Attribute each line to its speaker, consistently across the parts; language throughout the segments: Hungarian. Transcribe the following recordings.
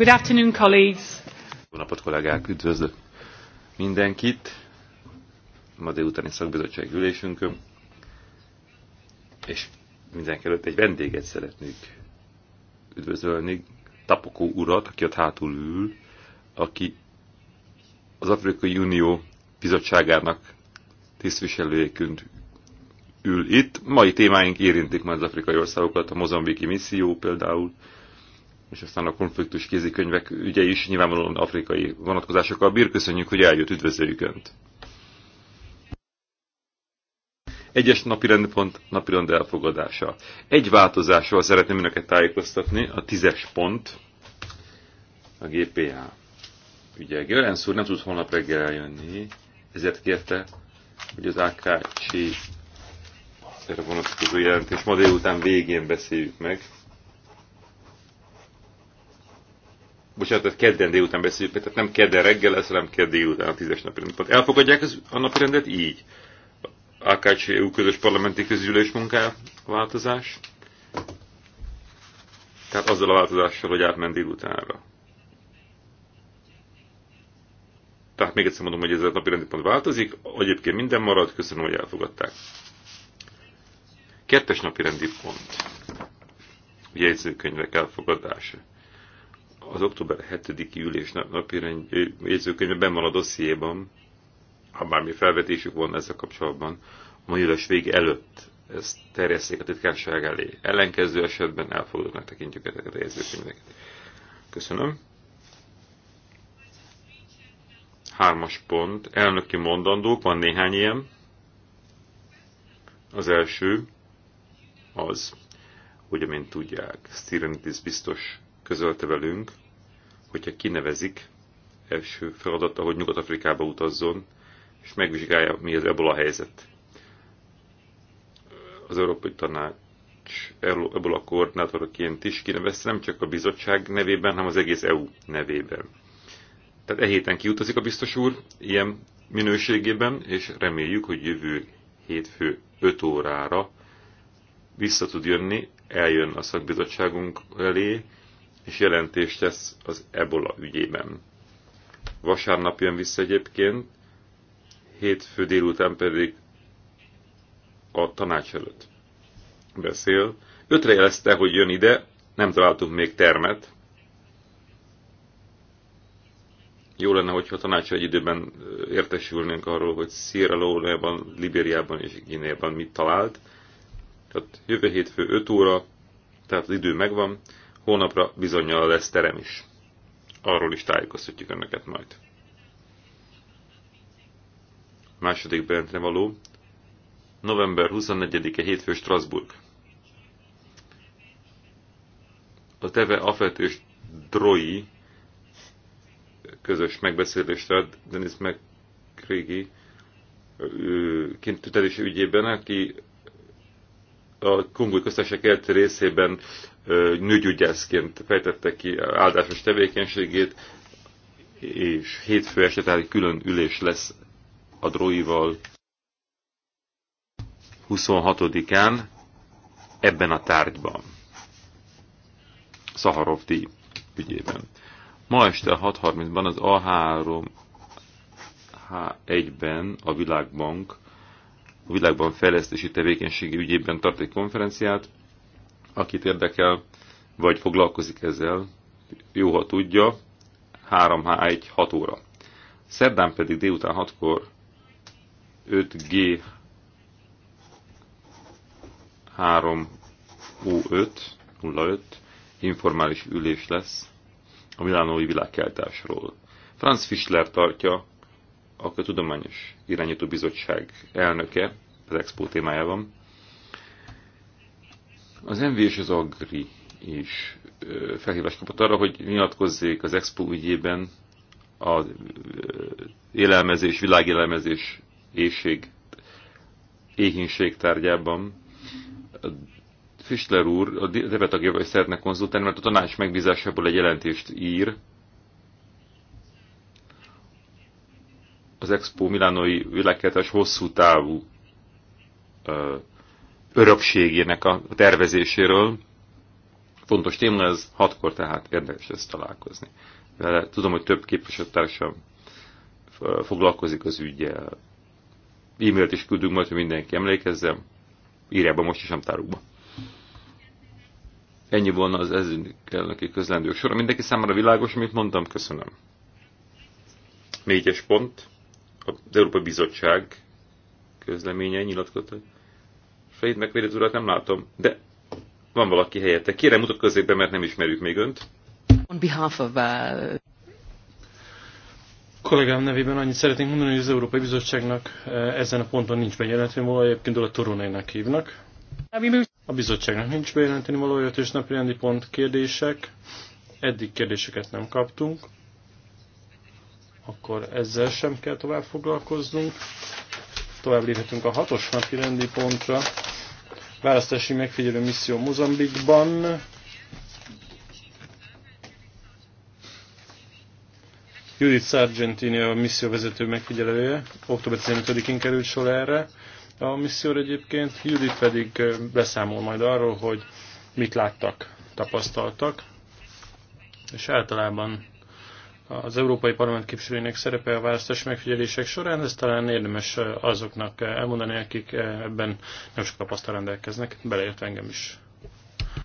Speaker 1: Good afternoon,
Speaker 2: colleagues. Jó napot, kollégák! Üdvözlök mindenkit ma délutáni szakbizottság ülésünkön. És mindenki előtt egy vendéget szeretnék üdvözölni, Tapokó urat, aki ott hátul ül, aki az Afrikai Unió bizottságának tisztviselőjéként ül itt. Mai témáink érintik már az afrikai országokat, a mozambiki misszió például, és aztán a konfliktus kézikönyvek ügye is nyilvánvalóan afrikai vonatkozásokkal bír. Köszönjük, hogy eljött, üdvözöljük Önt! Egyes napirendpont, rend elfogadása. Egy változásról szeretném Önöket tájékoztatni, a tízes pont, a GPA. Ugye Gerenc úr nem tud holnap reggel eljönni, ezért kérte, hogy az AKC erre vonatkozó jelentés ma délután végén beszéljük meg. bocsánat, kedden délután beszéljük, tehát nem kedden reggel lesz, hanem kedden délután a tízes napi rendet. Elfogadják az, a napi rendet így? Akács EU közös parlamenti közülés munká változás. Tehát azzal a változással, hogy átment délutánra. Tehát még egyszer mondom, hogy ez a napi rendi pont változik, egyébként minden marad, köszönöm, hogy elfogadták. Kettes napi rendi pont. Jegyzőkönyvek elfogadása az október 7-i ülés napirendjű jegyzőkönyvben van a dossziéban, ha bármi felvetésük volna ezzel kapcsolatban, a mai ülés vége előtt ezt terjesszék a titkárság elé. Ellenkező esetben elfogadnak tekintjük ezeket a jegyzőkönyveket. Köszönöm. Hármas pont. Elnöki mondandók, van néhány ilyen. Az első az, hogy amint tudják, Styrenidis biztos közölte velünk, hogyha kinevezik, első feladata, hogy Nyugat-Afrikába utazzon, és megvizsgálja, mi az ebola helyzet. Az Európai Tanács ebola koordinátoraként is kinevezte, nem csak a bizottság nevében, hanem az egész EU nevében. Tehát e héten kiutazik a biztos úr, ilyen minőségében, és reméljük, hogy jövő hétfő 5 órára vissza tud jönni, eljön a szakbizottságunk elé, és jelentést tesz az ebola ügyében. Vasárnap jön vissza egyébként, hétfő délután pedig a tanács előtt beszél. Ötre jelezte, hogy jön ide, nem találtunk még termet. Jó lenne, hogyha a tanács egy időben értesülnénk arról, hogy Sierra Leone-ban, Libériában és Guinea-ban mit talált. Tehát jövő hétfő 5 óra, tehát az idő megvan, Hónapra bizonyal lesz terem is. Arról is tájékoztatjuk önöket majd. Második bejelentene való. November 24-e hétfő Strasbourg. A Teve Afet és Droi közös megbeszélésre Denis McCready kintütelési ügyében, aki a kongói köztesek egy részében nőgyügyászként fejtette ki áldásos tevékenységét, és hétfő este, tehát egy külön ülés lesz a droival 26-án ebben a tárgyban. Szaharov díj ügyében. Ma este 6.30-ban az A3 H1-ben a Világbank a világban fejlesztési tevékenységi ügyében tart egy konferenciát, akit érdekel, vagy foglalkozik ezzel, jó, ha tudja, 3H1 6 óra. Szerdán pedig délután 6-kor 5G 3U5 05 informális ülés lesz a Milánói világkeltásról. Franz Fischler tartja a Tudományos Irányító Bizottság elnöke az expó témájában. Az MV és az Agri is felhívást kapott arra, hogy nyilatkozzék az expó ügyében az élelmezés, világélelmezés, éjség, éhínség tárgyában. Fischler úr a devetagjaval szeretne konzultálni, mert a tanács megbízásából egy jelentést ír, az Expo Milánoi világkeltes hosszú távú ö, örökségének a tervezéséről. Fontos téma ez, hatkor tehát érdekes ezt találkozni. Vele tudom, hogy több képviselőtársam foglalkozik az ügyel. E-mailt is küldünk majd, hogy mindenki emlékezzen. írják be most is amtárukba. Ennyi volna az ez elnöki közlendők sora. Mindenki számára világos, amit mondtam, köszönöm. Négyes pont az Európai Bizottság közleménye nyilatkozta. Fred megvédett urat nem látom, de van valaki helyette. Kérem, mutatkozzék be, mert nem ismerjük még önt.
Speaker 1: On behalf of, a. Uh,
Speaker 3: Kollégám nevében annyit szeretnénk mondani, hogy az Európai Bizottságnak eh, ezen a ponton nincs bejelentő valója, egyébként a Toronainak hívnak. A bizottságnak nincs bejelenteni valója, és napirendi pont kérdések. Eddig kérdéseket nem kaptunk akkor ezzel sem kell tovább foglalkoznunk. Tovább léphetünk a hatos napi rendi pontra. Választási megfigyelő misszió Mozambikban. Judith Sargentini a misszió vezető megfigyelője. Október 15-én került sor erre a misszióra egyébként. Judith pedig beszámol majd arról, hogy mit láttak, tapasztaltak, és általában az Európai Parlament képviselőinek szerepe a választási megfigyelések során, ez talán érdemes eh, azoknak eh, elmondani, akik eh, ebben nem sok tapasztal rendelkeznek, beleért engem is.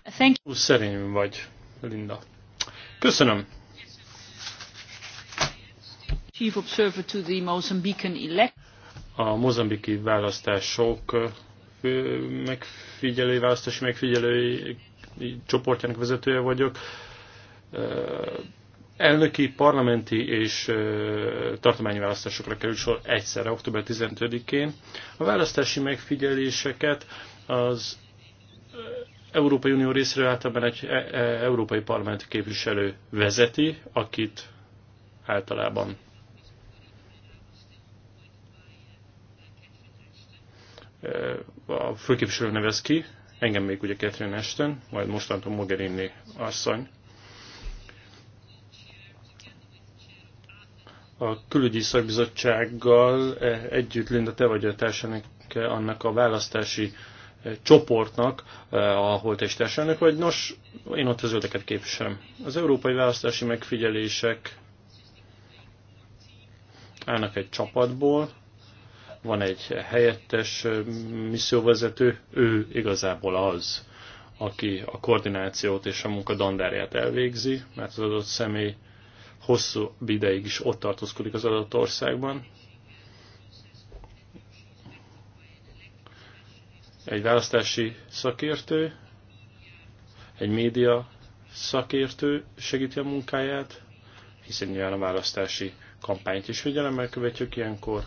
Speaker 3: Thank you. Szerény vagy, Linda. Köszönöm.
Speaker 1: Chief Observer to the Mozambican elect.
Speaker 3: A mozambiki választások megfigyelői, választási megfigyelői csoportjának vezetője vagyok Elnöki, parlamenti és tartományi választásokra kerül sor egyszerre, október 15-én. A választási megfigyeléseket az Európai Unió részéről általában egy e, e, európai parlamenti képviselő vezeti, akit általában a főképviselő nevez ki, engem még ugye Catherine Ashton, majd mostantól Mogherini asszony, a külügyi szakbizottsággal e, együtt, Linda, te vagy a társadalmak annak a választási e, csoportnak, e, ahol te is társadalmak vagy. Nos, én ott az zöldeket képviselem. Az európai választási megfigyelések állnak egy csapatból, van egy helyettes misszióvezető, ő igazából az, aki a koordinációt és a munka dandárját elvégzi, mert az adott személy hosszú ideig is ott tartózkodik az adott országban. Egy választási szakértő, egy média szakértő segíti a munkáját, hiszen nyilván a választási kampányt is figyelemmel követjük ilyenkor.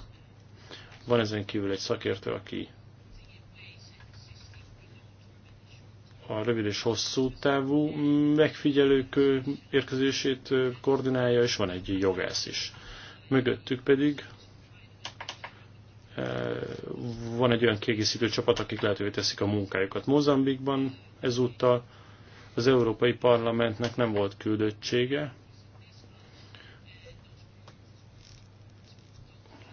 Speaker 3: Van ezen kívül egy szakértő, aki a rövid és hosszú távú megfigyelők érkezését koordinálja, és van egy jogász is. Mögöttük pedig van egy olyan kiegészítő csapat, akik lehetővé teszik a munkájukat. Mozambikban ezúttal az Európai Parlamentnek nem volt küldöttsége,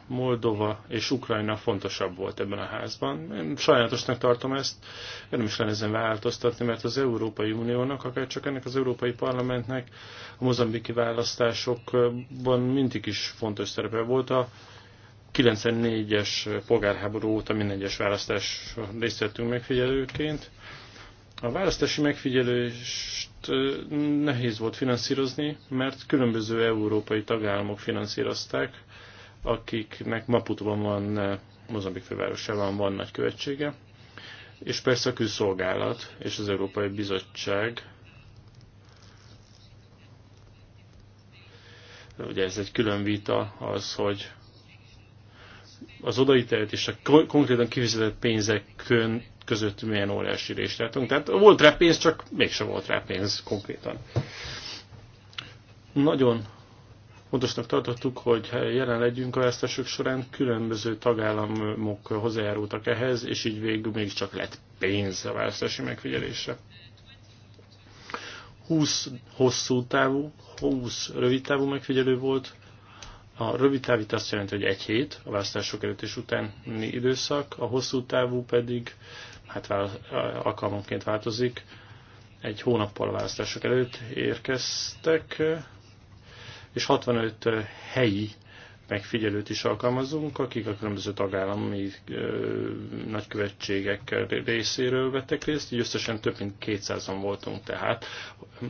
Speaker 3: Moldova és Ukrajna fontosabb volt ebben a házban. Én sajnálatosnak tartom ezt, én nem is lenne ezen változtatni, mert az Európai Uniónak, akár csak ennek az Európai Parlamentnek a mozambiki választásokban mindig is fontos szerepe volt. A 94-es polgárháború óta minden egyes választás részt vettünk megfigyelőként. A választási megfigyelést nehéz volt finanszírozni, mert különböző európai tagállamok finanszírozták, akiknek Maputóban van, eh, Mozambik fővárosában van követsége, és persze a külszolgálat és az Európai Bizottság. Ugye ez egy külön vita az, hogy az odaítelt és a konkrétan kifizetett pénzek között milyen óriási részt látunk. Tehát volt rá pénz, csak mégsem volt rá pénz konkrétan. Nagyon Fontosnak tartottuk, hogy jelen legyünk a választások során, különböző tagállamok hozzájárultak ehhez, és így végül mégiscsak lett pénz a választási megfigyelésre. 20 hosszú távú, 20 rövid távú megfigyelő volt. A rövid távit azt jelenti, hogy egy hét, a választások előtt és utáni időszak, a hosszú távú pedig, hát alkalmanként változik, egy hónappal a választások előtt érkeztek, és 65 helyi megfigyelőt is alkalmazunk, akik a különböző tagállami nagykövetségek részéről vettek részt, így összesen több mint 200-an voltunk tehát,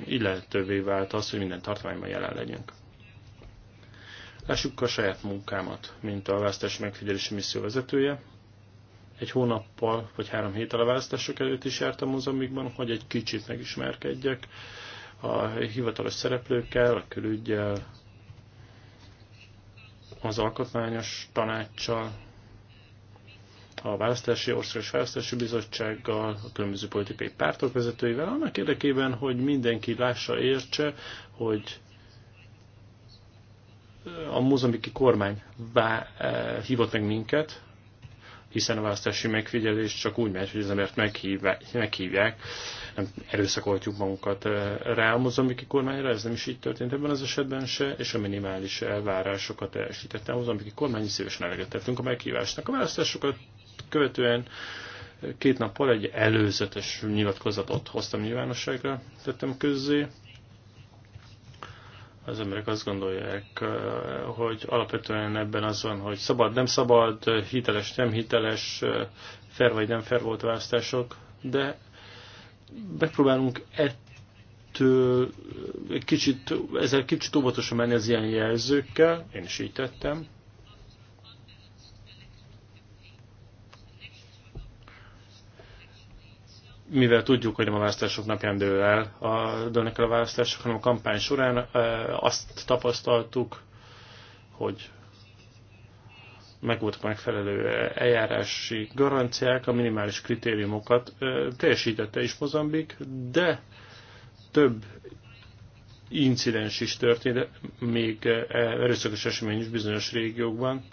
Speaker 3: illetővé vált az, hogy minden tartományban jelen legyünk. Lássuk a saját munkámat, mint a választási megfigyelési misszió vezetője. Egy hónappal vagy három héttel a választások előtt is jártam Mozambikban, hogy egy kicsit megismerkedjek a hivatalos szereplőkkel, a külügyel, az alkotmányos tanácssal, a választási országos választási bizottsággal, a különböző politikai pártok vezetőivel, annak érdekében, hogy mindenki lássa, értse, hogy a mozambiki kormány vá, eh, hívott meg minket, hiszen a választási megfigyelés csak úgy megy, hogy az embert meghívják, meghívják nem erőszakoltjuk magunkat rá a mozambiki kormányra, ez nem is így történt ebben az esetben se, és a minimális elvárásokat teljesítette a mozambiki kormány, szívesen elegetettünk a meghívásnak. A választásokat követően két nappal egy előzetes nyilatkozatot hoztam nyilvánosságra, tettem közzé, az emberek azt gondolják, hogy alapvetően ebben az van, hogy szabad, nem szabad, hiteles, nem hiteles, fair vagy nem fair volt választások, de megpróbálunk ettől egy kicsit, ezzel kicsit óvatosan menni az ilyen jelzőkkel, én is így tettem, mivel tudjuk, hogy nem a választások napján dől el, a, dőlnek el a választások, hanem a kampány során azt tapasztaltuk, hogy megvoltak megfelelő eljárási garanciák, a minimális kritériumokat teljesítette is Mozambik, de több incidens is történt, még erőszakos esemény is bizonyos régiókban,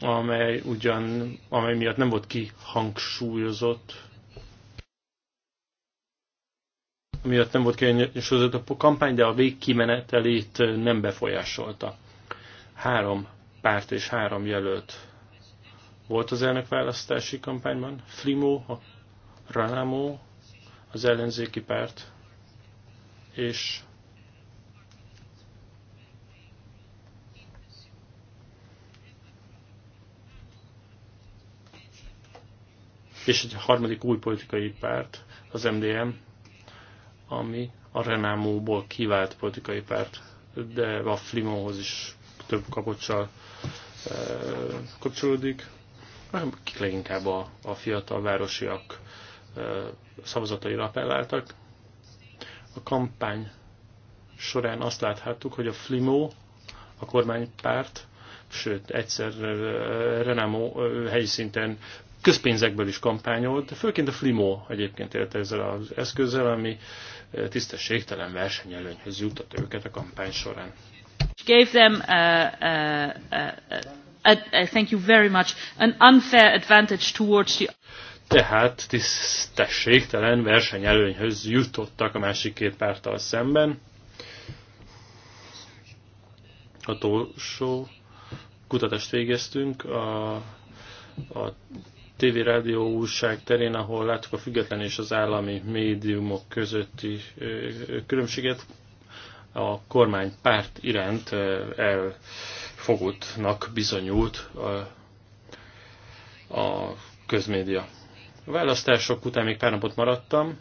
Speaker 3: amely ugyan, amely miatt nem volt kihangsúlyozott, miatt nem volt kiegyensúlyozott a kampány, de a végkimenetelét nem befolyásolta. Három párt és három jelölt volt az elnökválasztási kampányban. Frimo, Ralamo, az ellenzéki párt, és és egy harmadik új politikai párt, az MDM, ami a Renámóból kivált politikai párt, de a Flimóhoz is több kapocsal e, kapcsolódik, akik leginkább a, a fiatal városiak e, szavazataira appelláltak. A kampány során azt láthattuk, hogy a Flimó, a kormánypárt, sőt egyszer eh, Renamo helyi szinten közpénzekből is kampányolt, de főként a Flimo egyébként érte ezzel az eszközzel, ami eh, tisztességtelen versenyelőnyhöz jutott őket a kampány
Speaker 1: során. Gave them, a, uh, a, uh, uh, a, a, thank you very much, an unfair advantage towards the...
Speaker 3: Tehát tisztességtelen versenyelőnyhöz jutottak a másik két párttal szemben. Hatósó kutatást végeztünk a a TV, rádió, újság terén, ahol láttuk a független és az állami médiumok közötti különbséget, a kormány párt iránt elfogultnak bizonyult a, a közmédia. A választások után még pár napot maradtam,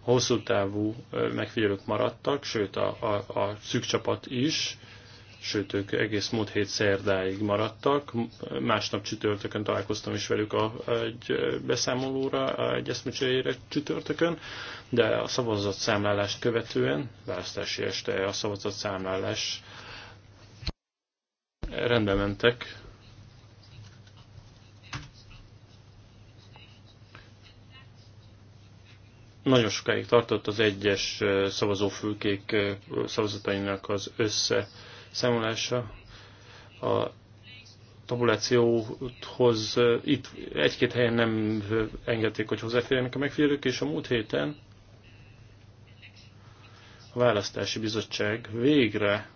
Speaker 3: hosszú távú megfigyelők maradtak, sőt a, a, a csapat is, sőt ők egész múlt hét szerdáig maradtak. Másnap csütörtökön találkoztam is velük a, egy beszámolóra, egy eszmecsőjére csütörtökön, de a szavazatszámlálást követően, választási este a szavazatszámlálás rendbe mentek. Nagyon sokáig tartott az egyes szavazófülkék szavazatainak az össze számolása a tabulációhoz itt egy-két helyen nem engedték, hogy hozzáférjenek a megfigyelők, és a múlt héten a választási bizottság végre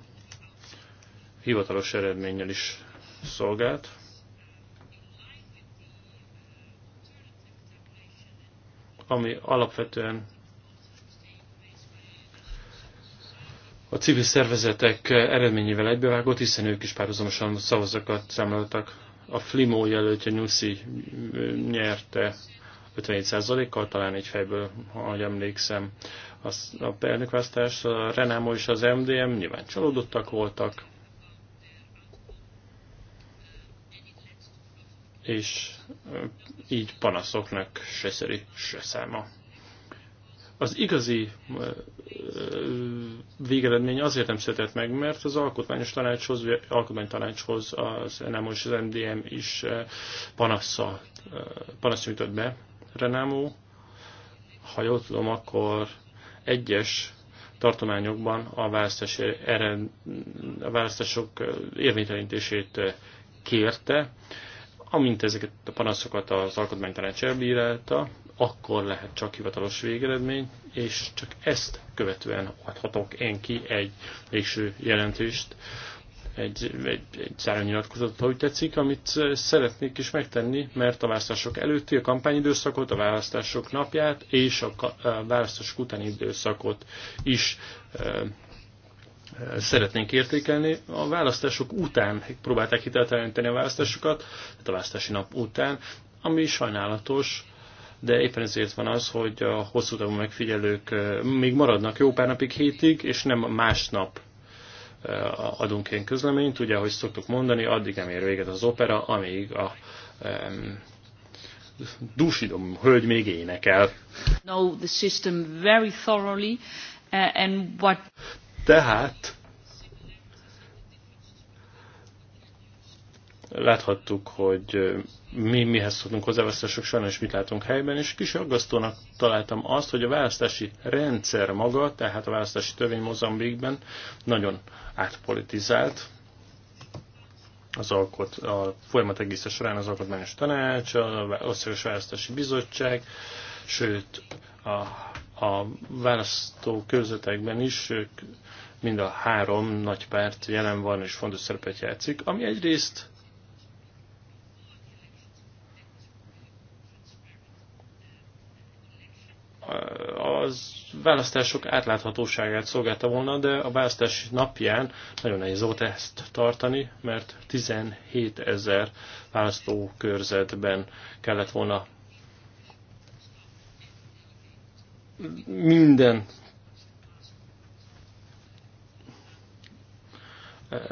Speaker 3: hivatalos eredménnyel is szolgált. ami alapvetően a civil szervezetek eredményével egybevágott, hiszen ők is párhuzamosan szavazakat számoltak. A Flimó jelöltje Nyuszi nyerte 57%-kal, talán egy fejből, ha emlékszem, az, a elnökválasztás, a Renamo és az MDM nyilván csalódottak voltak, és így panaszoknak se szeri, se száma. Az igazi végeredmény azért nem született meg, mert az alkotmányos tanácshoz, alkotmány alkotmánytanácshoz az NMO és az MDM is panasza, panasz nyújtott be. Renámó. ha jól tudom, akkor egyes tartományokban a, választási a választások érvénytelenítését kérte, amint ezeket a panaszokat az alkotmánytanács elbírálta, akkor lehet csak hivatalos végeredmény, és csak ezt követően adhatok én ki egy végső jelentést, egy, egy, egy zárónyilatkozatot, ahogy tetszik, amit szeretnék is megtenni, mert a választások előtti, a kampányidőszakot, a választások napját és a, a választások utáni időszakot is e, szeretnénk értékelni. A választások után próbálták hitelteleníteni a választásokat, tehát a választási nap után, ami sajnálatos, de éppen ezért van az, hogy a hosszú távú megfigyelők még maradnak jó pár napig hétig, és nem másnap adunk én közleményt. Ugye, ahogy szoktuk mondani, addig nem ér véget az opera, amíg a um, dúsidom hölgy még énekel.
Speaker 1: Know the system very thoroughly, and what...
Speaker 3: Tehát láthattuk, hogy mi mihez tudunk hozzávesztesek, sajnos mit látunk helyben, és kis aggasztónak találtam azt, hogy a választási rendszer maga, tehát a választási törvény Mozambikben nagyon átpolitizált, az alkot, a folyamat egészen során az alkotmányos tanács, a országos választási bizottság, sőt a, a választó körzetekben is mind a három nagy párt jelen van és fontos szerepet játszik, ami egyrészt az választások átláthatóságát szolgálta volna, de a választás napján nagyon nehéz volt ezt tartani, mert 17 ezer választókörzetben kellett volna minden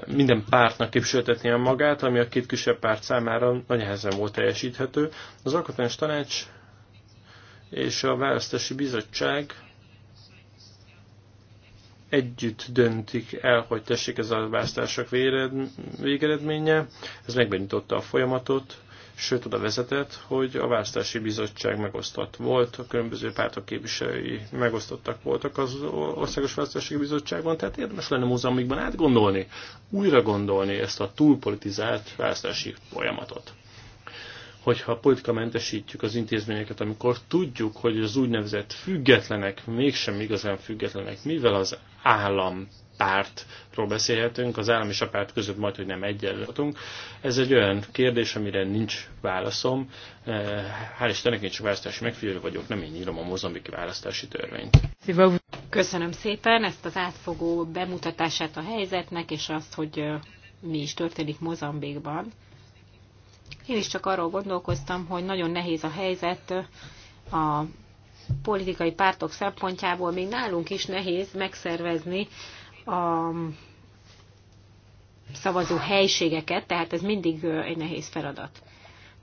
Speaker 3: minden pártnak képviseltetnie magát, ami a két kisebb párt számára nagy nehezen volt teljesíthető. Az alkotmányos tanács és a választási bizottság együtt döntik el, hogy tessék ez a választások végeredménye. Ez megbenyitotta a folyamatot, sőt oda vezetett, hogy a választási bizottság megosztott volt, a különböző pártok képviselői megosztottak voltak az Országos Választási Bizottságban, tehát érdemes lenne múzeumikban átgondolni, újra gondolni ezt a túlpolitizált választási folyamatot hogyha mentesítjük az intézményeket, amikor tudjuk, hogy az úgynevezett függetlenek mégsem igazán függetlenek, mivel az állam pártról beszélhetünk, az állam és a párt között majd, hogy nem egyenlőtünk. Ez egy olyan kérdés, amire nincs válaszom. Eh, hál' Istennek én csak választási megfigyelő vagyok, nem én írom a mozambiki választási törvényt.
Speaker 1: Köszönöm szépen ezt az átfogó bemutatását a helyzetnek, és azt, hogy eh, mi is történik Mozambikban. Én is csak arról gondolkoztam, hogy nagyon nehéz a helyzet a politikai pártok szempontjából, még nálunk is nehéz megszervezni a szavazó helységeket, tehát ez mindig egy nehéz feladat.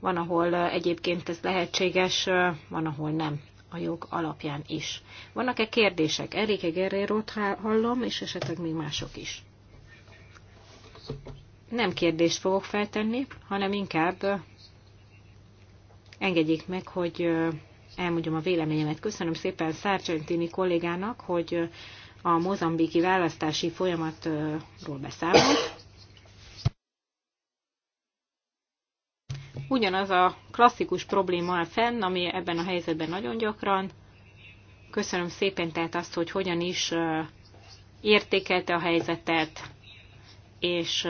Speaker 1: Van, ahol egyébként ez lehetséges, van, ahol nem a jog alapján is. Vannak-e kérdések? Erike Gerrérót hallom, és esetleg még mások is nem kérdést fogok feltenni, hanem inkább engedjék meg, hogy elmondjam a véleményemet. Köszönöm szépen Szárcsöntini kollégának, hogy a mozambiki választási folyamatról beszámolt. Ugyanaz a klasszikus probléma áll fenn, ami ebben a helyzetben nagyon gyakran. Köszönöm szépen tehát azt, hogy hogyan is értékelte a helyzetet, és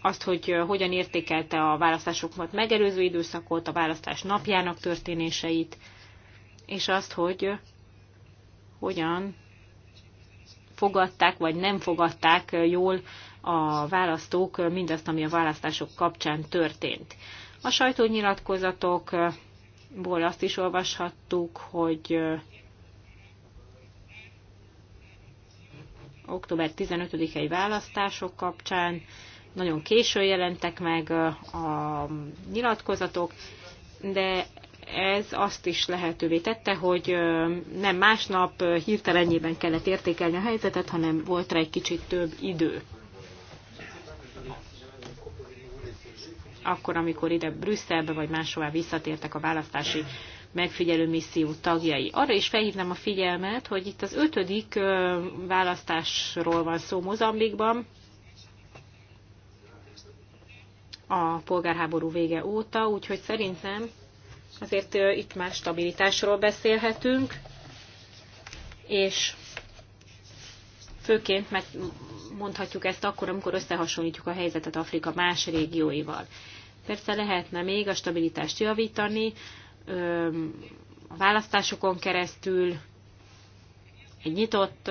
Speaker 1: azt, hogy hogyan értékelte a választásokat megelőző időszakot, a választás napjának történéseit, és azt, hogy hogyan fogadták vagy nem fogadták jól a választók mindazt, ami a választások kapcsán történt. A sajtónyilatkozatokból azt is olvashattuk, hogy október 15-i választások kapcsán nagyon későn jelentek meg a nyilatkozatok, de ez azt is lehetővé tette, hogy nem másnap hirtelenjében kellett értékelni a helyzetet, hanem volt rá egy kicsit több idő. Akkor, amikor ide Brüsszelbe vagy máshová visszatértek a választási megfigyelő misszió tagjai. Arra is felhívnám a figyelmet, hogy itt az ötödik választásról van szó Mozambikban, a polgárháború vége óta, úgyhogy szerintem azért itt már stabilitásról beszélhetünk, és főként meg mondhatjuk ezt akkor, amikor összehasonlítjuk a helyzetet Afrika más régióival. Persze lehetne még a stabilitást javítani, a választásokon keresztül, egy nyitott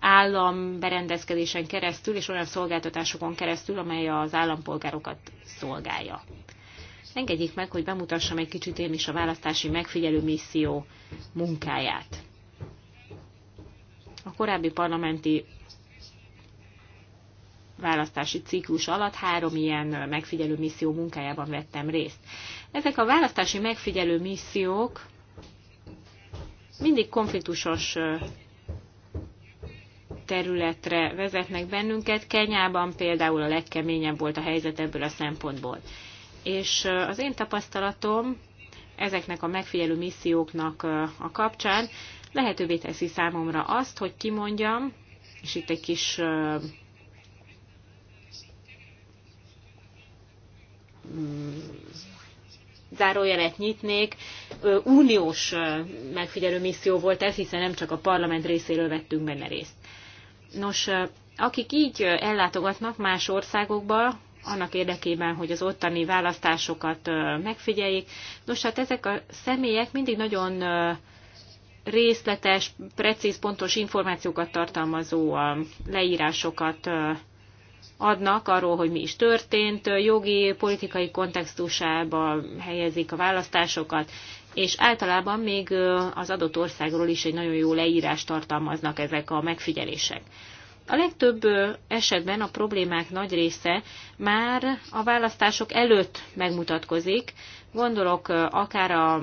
Speaker 1: állam berendezkedésen keresztül és olyan szolgáltatásokon keresztül, amely az állampolgárokat szolgálja. Engedjék meg, hogy bemutassam egy kicsit én is a választási megfigyelő misszió munkáját. A korábbi parlamenti választási ciklus alatt három ilyen megfigyelő misszió munkájában vettem részt. Ezek a választási megfigyelő missziók mindig konfliktusos területre vezetnek bennünket. Kenyában például a legkeményebb volt a helyzet ebből a szempontból. És az én tapasztalatom ezeknek a megfigyelő misszióknak a kapcsán lehetővé teszi számomra azt, hogy kimondjam, és itt egy kis mm, zárójelet nyitnék. Uniós megfigyelő misszió volt ez, hiszen nem csak a parlament részéről vettünk benne részt. Nos, akik így ellátogatnak más országokba, annak érdekében, hogy az ottani választásokat megfigyeljék. Nos, hát ezek a személyek mindig nagyon részletes, precíz, pontos információkat tartalmazó leírásokat adnak arról, hogy mi is történt, jogi, politikai kontextusába helyezik a választásokat, és általában még az adott országról is egy nagyon jó leírást tartalmaznak ezek a megfigyelések. A legtöbb esetben a problémák nagy része már a választások előtt megmutatkozik. Gondolok akár a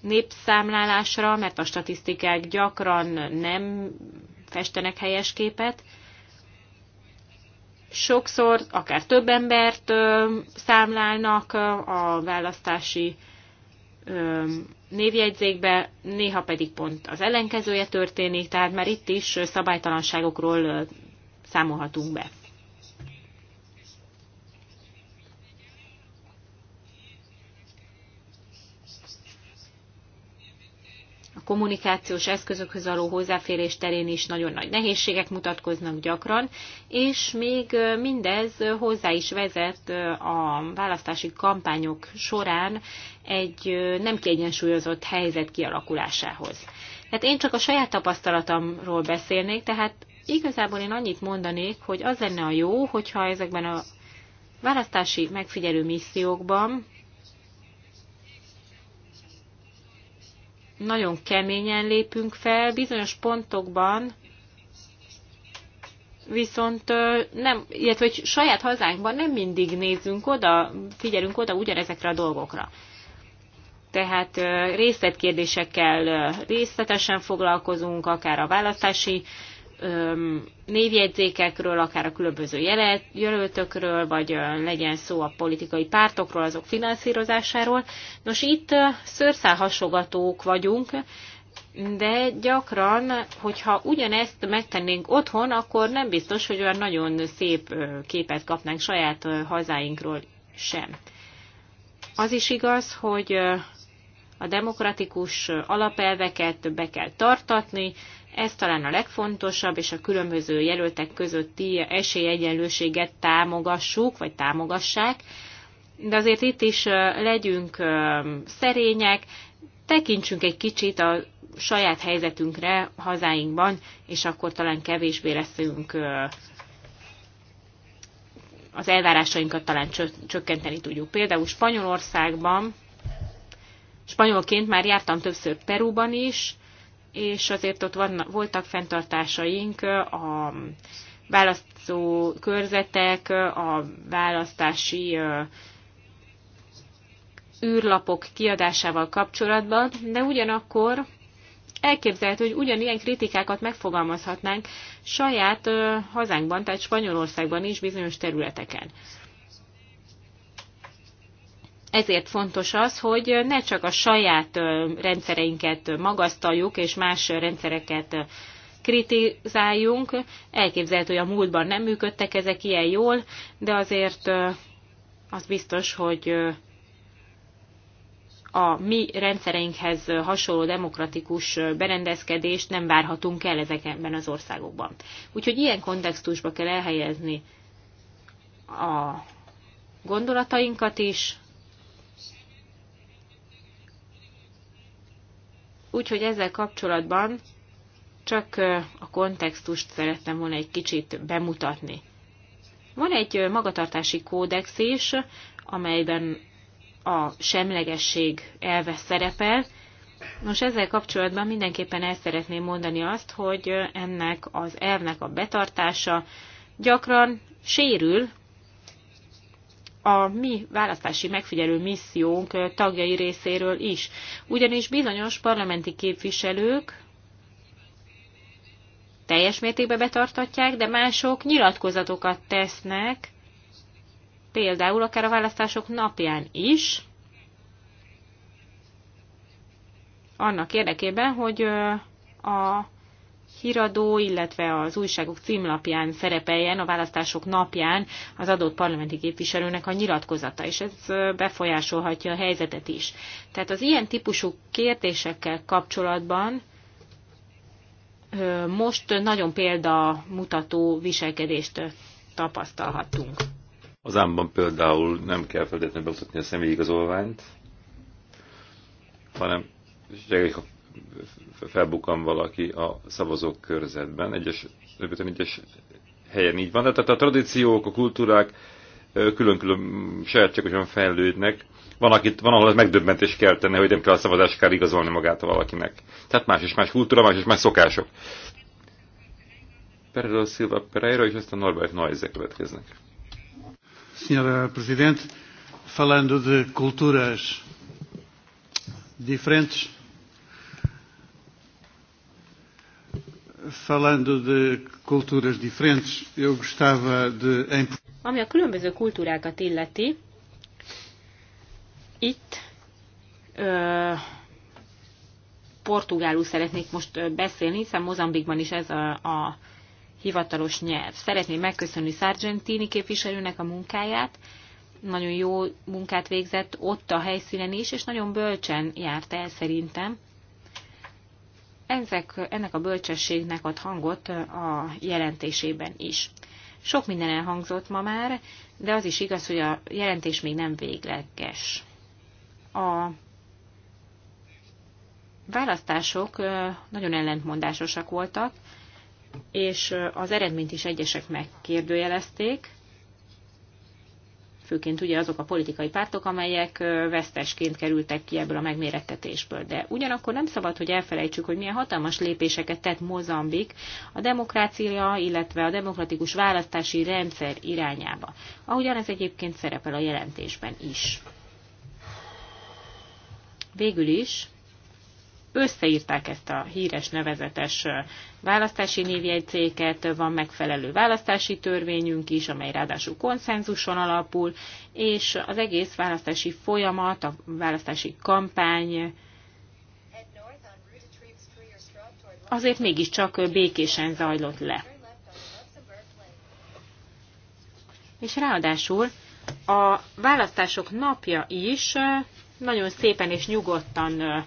Speaker 1: népszámlálásra, mert a statisztikák gyakran nem festenek helyes képet. Sokszor akár több embert számlálnak a választási névjegyzékbe, néha pedig pont az ellenkezője történik, tehát már itt is szabálytalanságokról számolhatunk be. kommunikációs eszközökhöz való hozzáférés terén is nagyon nagy nehézségek mutatkoznak gyakran, és még mindez hozzá is vezet a választási kampányok során egy nem kiegyensúlyozott helyzet kialakulásához. Tehát én csak a saját tapasztalatomról beszélnék, tehát igazából én annyit mondanék, hogy az lenne a jó, hogyha ezekben a választási megfigyelő missziókban nagyon keményen lépünk fel, bizonyos pontokban viszont nem, illetve hogy saját hazánkban nem mindig nézzünk oda, figyelünk oda ugyanezekre a dolgokra. Tehát részletkérdésekkel részletesen foglalkozunk, akár a választási névjegyzékekről, akár a különböző jelöltökről, vagy legyen szó a politikai pártokról, azok finanszírozásáról. Nos, itt szőrszálhasogatók vagyunk, de gyakran, hogyha ugyanezt megtennénk otthon, akkor nem biztos, hogy olyan nagyon szép képet kapnánk saját hazáinkról sem. Az is igaz, hogy a demokratikus alapelveket be kell tartatni, ez talán a legfontosabb, és a különböző jelöltek közötti esélyegyenlőséget támogassuk, vagy támogassák. De azért itt is legyünk szerények, tekintsünk egy kicsit a saját helyzetünkre hazáinkban, és akkor talán kevésbé leszünk az elvárásainkat talán csökkenteni tudjuk. Például Spanyolországban, spanyolként már jártam többször Perúban is, és azért ott van, voltak fenntartásaink a választó körzetek, a választási űrlapok kiadásával kapcsolatban, de ugyanakkor elképzelhető, hogy ugyanilyen kritikákat megfogalmazhatnánk saját hazánkban, tehát Spanyolországban is bizonyos területeken ezért fontos az, hogy ne csak a saját rendszereinket magasztaljuk, és más rendszereket kritizáljunk. Elképzelhető, hogy a múltban nem működtek ezek ilyen jól, de azért az biztos, hogy a mi rendszereinkhez hasonló demokratikus berendezkedést nem várhatunk el ezekben az országokban. Úgyhogy ilyen kontextusba kell elhelyezni a gondolatainkat is, Úgyhogy ezzel kapcsolatban csak a kontextust szerettem volna egy kicsit bemutatni. Van egy magatartási kódex is, amelyben a semlegesség elve szerepel. Most ezzel kapcsolatban mindenképpen el szeretném mondani azt, hogy ennek az elvnek a betartása gyakran sérül, a mi választási megfigyelő missziónk tagjai részéről is. Ugyanis bizonyos parlamenti képviselők teljes mértékben betartatják, de mások nyilatkozatokat tesznek, például akár a választások napján is, annak érdekében, hogy a híradó, illetve az újságok címlapján szerepeljen a választások napján az adott parlamenti képviselőnek a nyilatkozata, és ez befolyásolhatja a helyzetet is. Tehát az ilyen típusú kérdésekkel kapcsolatban most nagyon példamutató viselkedést tapasztalhattunk. Az
Speaker 2: ámban például nem kell feltétlenül bemutatni a személyigazolványt, hanem felbukkan valaki a szavazók körzetben. Egyes, egyes helyen így van. De tehát a tradíciók, a kultúrák külön-külön sajátságosan fejlődnek. Van, akit, van ahol megdöbbentés kell tenni, hogy nem kell a szavazás kell igazolni magát a valakinek. Tehát más és más kultúra, más és más szokások. Pereira Silva Pereira és aztán Norbert Noize következnek.
Speaker 3: Senhora Presidente, falando de culturas diferentes, falando de culturas diferentes, eu gostava de...
Speaker 1: Ami a különböző kultúrákat illeti, itt ö, portugálul szeretnék most beszélni, hiszen Mozambikban is ez a, a hivatalos nyelv. Szeretném megköszönni Sargentini képviselőnek a munkáját, nagyon jó munkát végzett ott a helyszínen is, és nagyon bölcsen járt el szerintem ezek, ennek a bölcsességnek ad hangot a jelentésében is. Sok minden elhangzott ma már, de az is igaz, hogy a jelentés még nem végleges. A választások nagyon ellentmondásosak voltak, és az eredményt is egyesek megkérdőjelezték főként ugye azok a politikai pártok, amelyek vesztesként kerültek ki ebből a megmérettetésből. De ugyanakkor nem szabad, hogy elfelejtsük, hogy milyen hatalmas lépéseket tett Mozambik a demokrácia, illetve a demokratikus választási rendszer irányába. Ahogyan ez egyébként szerepel a jelentésben is. Végül is összeírták ezt a híres nevezetes választási névjegyzéket, van megfelelő választási törvényünk is, amely ráadásul konszenzuson alapul, és az egész választási folyamat, a választási kampány
Speaker 2: azért mégiscsak
Speaker 1: békésen zajlott le. És ráadásul a választások napja is nagyon szépen és nyugodtan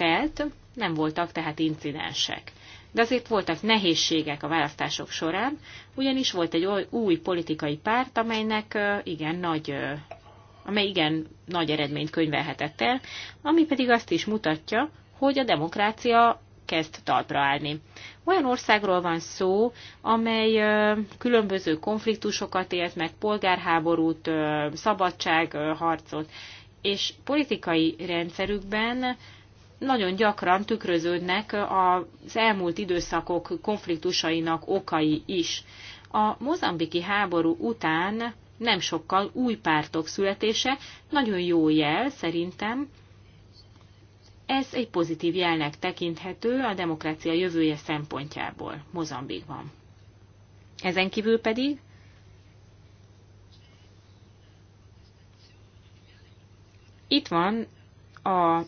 Speaker 1: telt, nem voltak tehát incidensek. De azért voltak nehézségek a választások során, ugyanis volt egy új politikai párt, amelynek igen nagy amely igen nagy eredményt könyvelhetett el, ami pedig azt is mutatja, hogy a demokrácia kezd talpra állni. Olyan országról van szó, amely különböző konfliktusokat élt meg, polgárháborút, szabadságharcot, és politikai rendszerükben nagyon gyakran tükröződnek az elmúlt időszakok konfliktusainak okai is. A mozambiki háború után nem sokkal új pártok születése, nagyon jó jel szerintem. Ez egy pozitív jelnek tekinthető a demokrácia jövője szempontjából Mozambikban. Ezen kívül pedig itt van a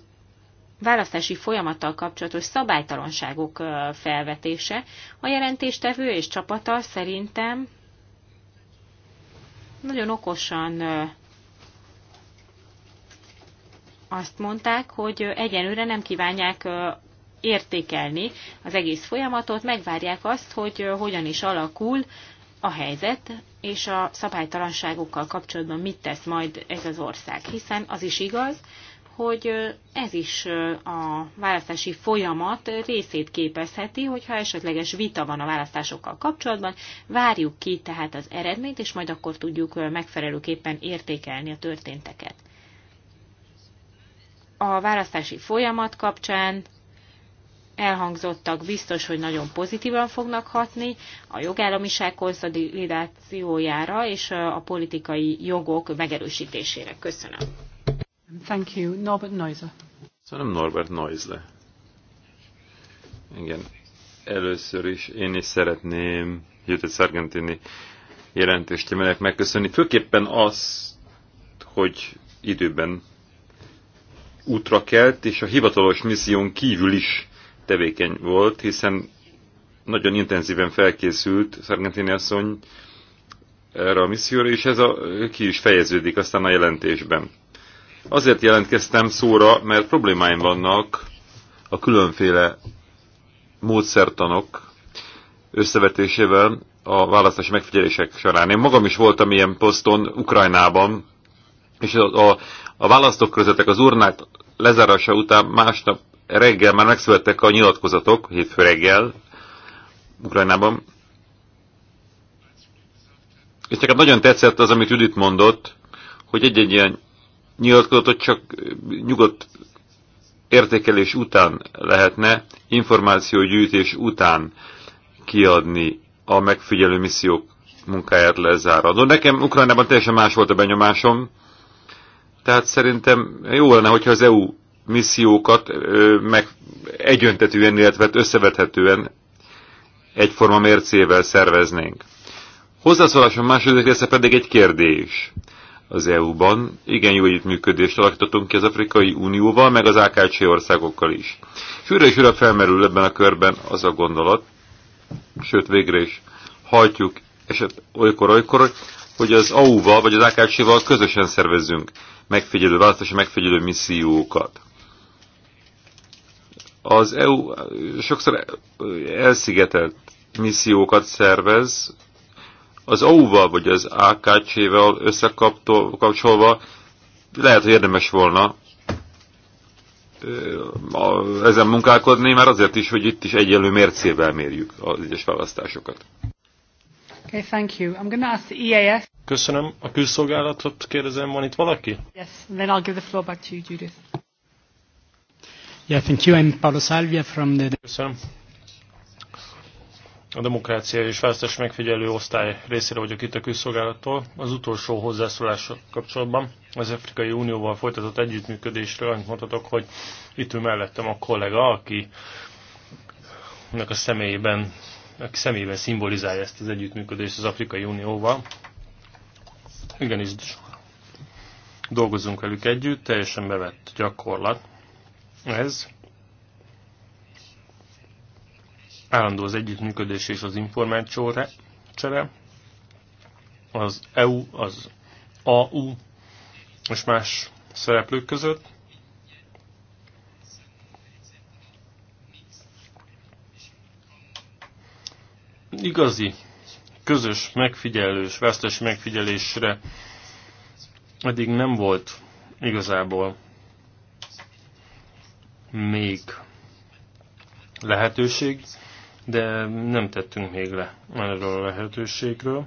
Speaker 1: választási folyamattal kapcsolatos szabálytalanságok felvetése. A jelentéstevő és csapata szerintem nagyon okosan azt mondták, hogy egyenőre nem kívánják értékelni az egész folyamatot, megvárják azt, hogy hogyan is alakul a helyzet, és a szabálytalanságokkal kapcsolatban mit tesz majd ez az ország. Hiszen az is igaz, hogy ez is a választási folyamat részét képezheti, hogyha esetleges vita van a választásokkal kapcsolatban, várjuk ki tehát az eredményt, és majd akkor tudjuk megfelelőképpen értékelni a történteket. A választási folyamat kapcsán elhangzottak biztos, hogy nagyon pozitívan fognak hatni a jogállamiság konszolidációjára és a politikai jogok megerősítésére. Köszönöm.
Speaker 2: Thank you. Norbert Neuser. Szerintem Norbert Neuser. Igen. Először is én is szeretném Judith Sargentini jelentéstémának megköszönni, főképpen az, hogy időben útra kelt, és a hivatalos misszión kívül is tevékeny volt, hiszen nagyon intenzíven felkészült Sargentini asszony erre a misszióra, és ez a, ki is fejeződik aztán a jelentésben. Azért jelentkeztem szóra, mert problémáim vannak a különféle módszertanok összevetésével a választási megfigyelések során. Én magam is voltam ilyen poszton Ukrajnában, és a, a, a közöttek az urnák lezárása után másnap reggel már megszülettek a nyilatkozatok, hétfő reggel Ukrajnában. És nekem nagyon tetszett az, amit Judit mondott, hogy egy-egy ilyen nyilatkozatot csak nyugodt értékelés után lehetne, információgyűjtés után kiadni a megfigyelő missziók munkáját lezáradó. Nekem Ukrajnában teljesen más volt a benyomásom, tehát szerintem jó lenne, hogyha az EU missziókat meg egyöntetűen, illetve hát összevethetően egyforma mércével szerveznénk. Hozzászólásom második része pedig egy kérdés az EU-ban. Igen jó együttműködést alakítottunk ki az Afrikai Unióval, meg az AKC országokkal is. És újra és újra felmerül ebben a körben az a gondolat, sőt végre is hajtjuk eset hát olykor-olykor, hogy az AU-val vagy az AKC-val közösen szervezzünk megfigyelő választási megfigyelő missziókat. Az EU sokszor elszigetelt missziókat szervez, az AU-val vagy az AKC-vel összekapcsolva lehet, hogy érdemes volna ezen munkálkodni, már azért is, hogy itt is egyenlő mércével mérjük az egyes választásokat. Okay,
Speaker 1: thank you. I'm going to ask the EAS.
Speaker 3: Köszönöm. A külszolgálatot kérdezem, van itt valaki?
Speaker 1: Yes, and then I'll give the floor back to you, Judith. Yeah, thank you. I'm Paolo Salvia
Speaker 3: from the... Köszönöm a demokrácia és választás megfigyelő osztály részére vagyok itt a külszolgálattól. Az utolsó hozzászólás kapcsolatban az Afrikai Unióval folytatott együttműködésről annyit mondhatok, hogy itt ül mellettem a kollega, aki nek a személyében, aki személyében szimbolizálja ezt az együttműködést az Afrikai Unióval. Igenis, dolgozunk velük együtt, teljesen bevett gyakorlat. Ez állandó az együttműködés és az csere, Az EU, az AU és más szereplők között. Igazi, közös megfigyelős, vesztes megfigyelésre eddig nem volt igazából még lehetőség de nem tettünk még le erről a lehetőségről.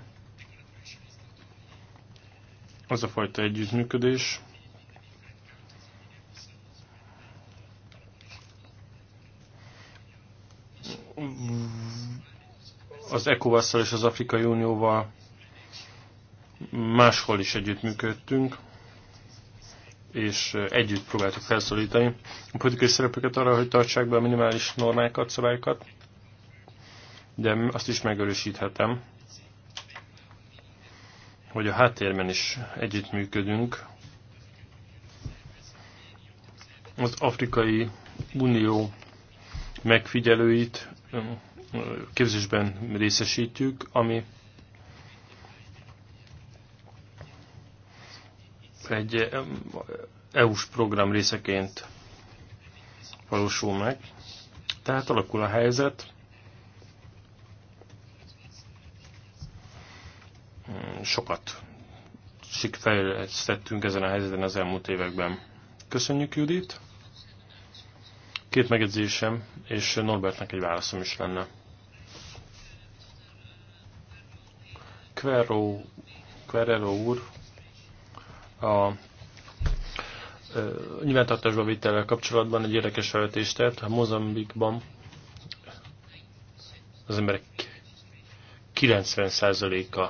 Speaker 3: Az a fajta együttműködés, az ecowas és az Afrikai Unióval máshol is együttműködtünk, és együtt próbáltuk felszólítani a politikai szerepeket arra, hogy tartsák be a minimális normákat, szabályokat de azt is megerősíthetem, hogy a háttérben is együttműködünk. Az Afrikai Unió megfigyelőit képzésben részesítjük, ami egy EU-s program részeként valósul meg. Tehát alakul a helyzet, sokat fejlesztettünk ezen a helyzeten az elmúlt években. Köszönjük Judit! Két megjegyzésem, és Norbertnek egy válaszom is lenne. Quero, Querero úr a nyilvántartásba vétellel kapcsolatban egy érdekes felvetést tett. A Mozambikban az emberek 90%-a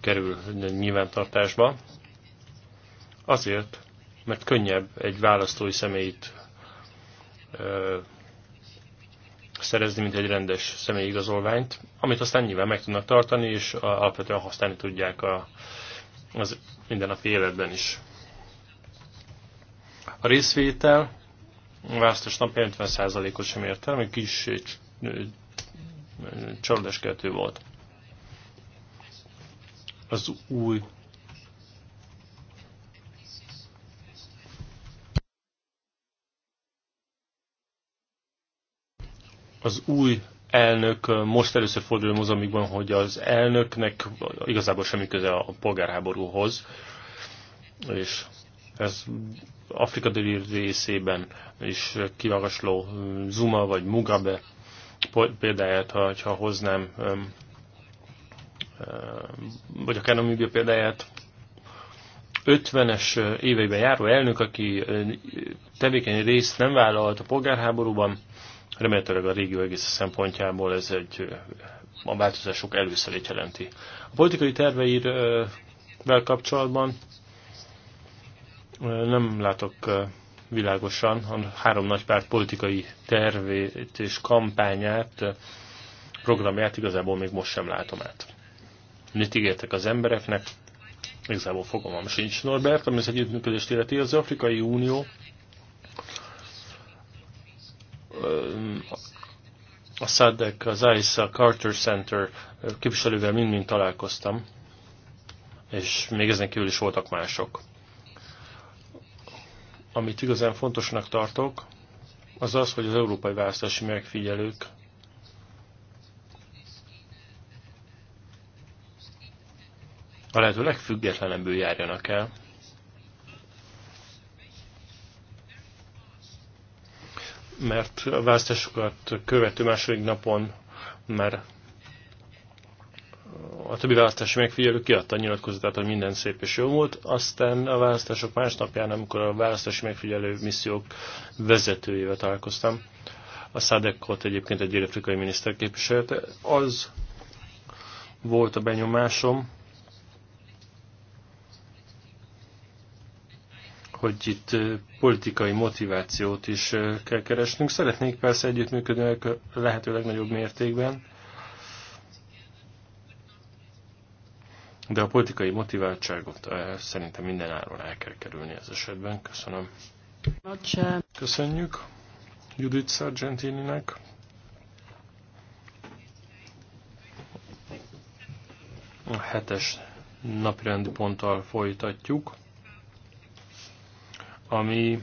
Speaker 3: kerül nyilvántartásba. Azért, mert könnyebb egy választói személyt ö, szerezni, mint egy rendes személyigazolványt, amit aztán nyilván meg tudnak tartani, és alapvetően használni tudják a, az mindennapi életben is. A részvétel a választás napján 50%-ot sem ért ami kis csalódáskeltő volt
Speaker 2: az új
Speaker 3: az új elnök most először fordul Mozambikban, hogy az elnöknek igazából semmi köze a polgárháborúhoz, és ez Afrika déli részében is kivagasló Zuma vagy Mugabe példáját, ha hoznám vagy akár a Namíbia példáját, 50-es éveiben járó elnök, aki tevékeny részt nem vállalt a polgárháborúban, remélhetőleg a régió egész szempontjából ez egy a változások előszerét jelenti. A politikai terveivel kapcsolatban nem látok világosan a három párt politikai tervét és kampányát, programját igazából még most sem látom át mit ígértek az embereknek, igazából fogalmam sincs Norbert, ami az együttműködést illeti. Az Afrikai Unió a SADEC, az a Carter Center képviselővel mind-mind találkoztam, és még ezen kívül is voltak mások. Amit igazán fontosnak tartok, az az, hogy az európai választási megfigyelők a lehető legfüggetlenebbül járjanak el. Mert a választásokat követő második napon már a többi választási megfigyelő kiadta a nyilatkozatát, hogy minden szép és jó volt, aztán a választások másnapján, amikor a választási megfigyelő missziók vezetőjével találkoztam, a Szádekot egyébként egy afrikai miniszter képviselte, az volt a benyomásom, hogy itt politikai motivációt is kell keresnünk. Szeretnék persze együttműködni a lehető legnagyobb mértékben, de a politikai motiváltságot szerintem minden áron el kell kerülni ez esetben. Köszönöm. Köszönjük Judith Sargentininek. A hetes napirendi ponttal folytatjuk ami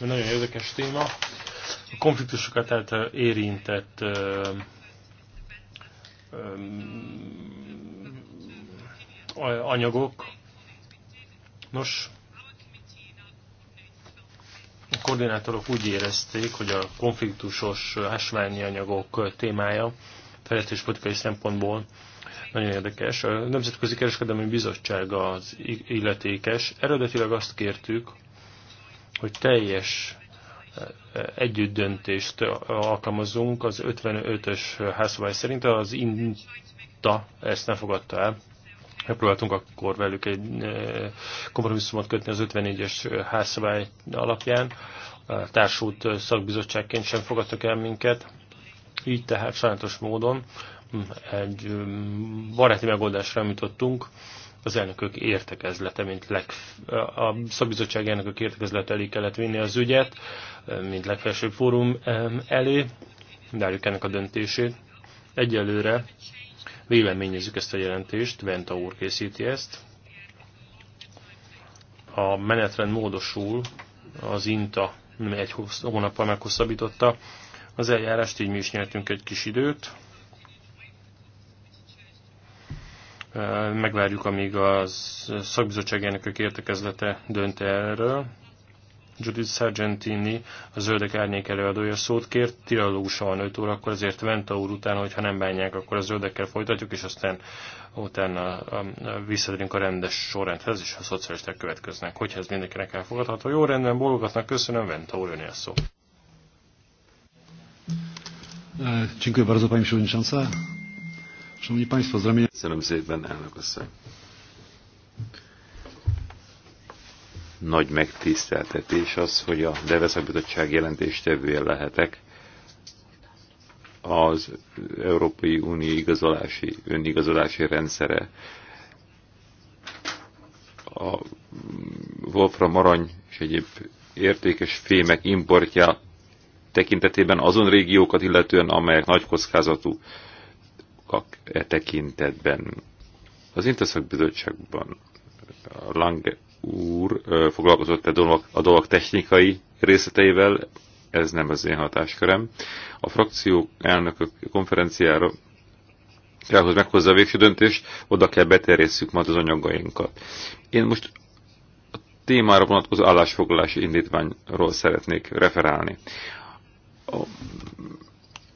Speaker 3: nagyon érdekes téma. A konfliktusokat tehát érintett ö, ö, anyagok. Nos, a koordinátorok úgy érezték, hogy a konfliktusos ásványi anyagok témája politikai szempontból nagyon érdekes. A Nemzetközi Kereskedelmi Bizottság az illetékes. Eredetileg azt kértük, hogy teljes e, e, együttdöntést alkalmazunk az 55-ös házszabály szerint, az INTA ezt nem fogadta el. Próbáltunk akkor velük egy e, kompromisszumot kötni az 54-es házszabály alapján. Társult szakbizottságként sem fogadtak el minket. Így tehát sajnos módon mm, egy mm, baráti megoldásra jutottunk, az elnökök értekezlete, mint leg, a szakbizottság elnökök értekezlete elé kellett vinni az ügyet, mint legfelsőbb fórum elé, várjuk ennek a döntését. Egyelőre véleményezzük ezt a jelentést, Venta úr készíti ezt. A menetrend módosul, az INTA egy hónappal meghosszabbította az eljárást, így mi is nyertünk egy kis időt. Megvárjuk, amíg a szakbizottság elnökök értekezlete dönt erről. Judith Sargentini, a Zöldek Árnyék előadója szót kért, dialógusa van 5 órakor, ezért Venta úr után, hogyha nem bánják, akkor a Zöldekkel folytatjuk, és aztán utána visszatérünk a rendes sorrendhez, és a szocialisták következnek. Hogyha ez mindenkinek elfogadható, jó rendben, bólogatnak, köszönöm, Venta úr, önél szó.
Speaker 2: Dziękuję bardzo Pani Przewodnicząca. Szanowni Państwo, z ramienia... Köszönöm szépen, elnök asszony. Nagy megtiszteltetés az, hogy a Deveszakbizottság jelentéstevője lehetek az Európai Unió igazolási, önigazolási rendszere a Wolfram arany és egyéb értékes fémek importja tekintetében azon régiókat illetően, amelyek nagy kockázatú e tekintetben. Az Interszak Bizottságban a Lange úr foglalkozott a e dolog, a dolog technikai részleteivel, ez nem az én hatáskörem. A frakció elnökök konferenciára kell, hogy meghozza a végső döntést, oda kell beterjesszük majd az anyagainkat. Én most a témára vonatkozó állásfoglalási indítványról szeretnék referálni. A,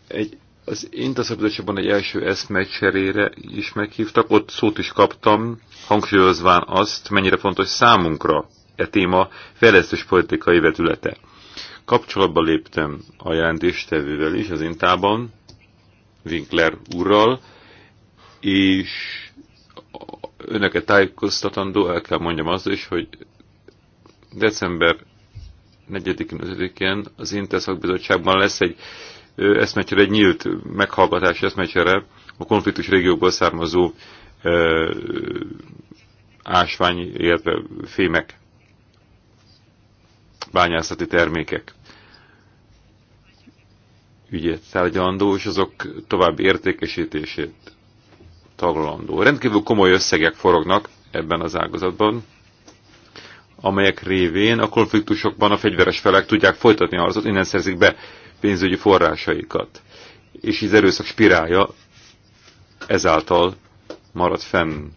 Speaker 2: egy az Intaszabadásában egy első eszmecserére is meghívtak, ott szót is kaptam, hangsúlyozván azt, mennyire fontos számunkra e téma fejlesztős politikai vetülete. Kapcsolatba léptem a jelentéstevővel is az Intában, Winkler úrral, és önöket tájékoztatandó, el kell mondjam azt is, hogy december 4-5-én az Intel szakbizottságban lesz egy eszmecsere, egy nyílt meghallgatási eszmecsere a konfliktus régiókból származó ásvány, illetve fémek, bányászati termékek ügyét tárgyalandó, és azok további értékesítését taglalandó. Rendkívül komoly összegek forognak ebben az ágazatban, amelyek révén a konfliktusokban a fegyveres felek tudják folytatni a harcot, innen szerzik be pénzügyi forrásaikat. És az erőszak spirálja ezáltal marad fenn.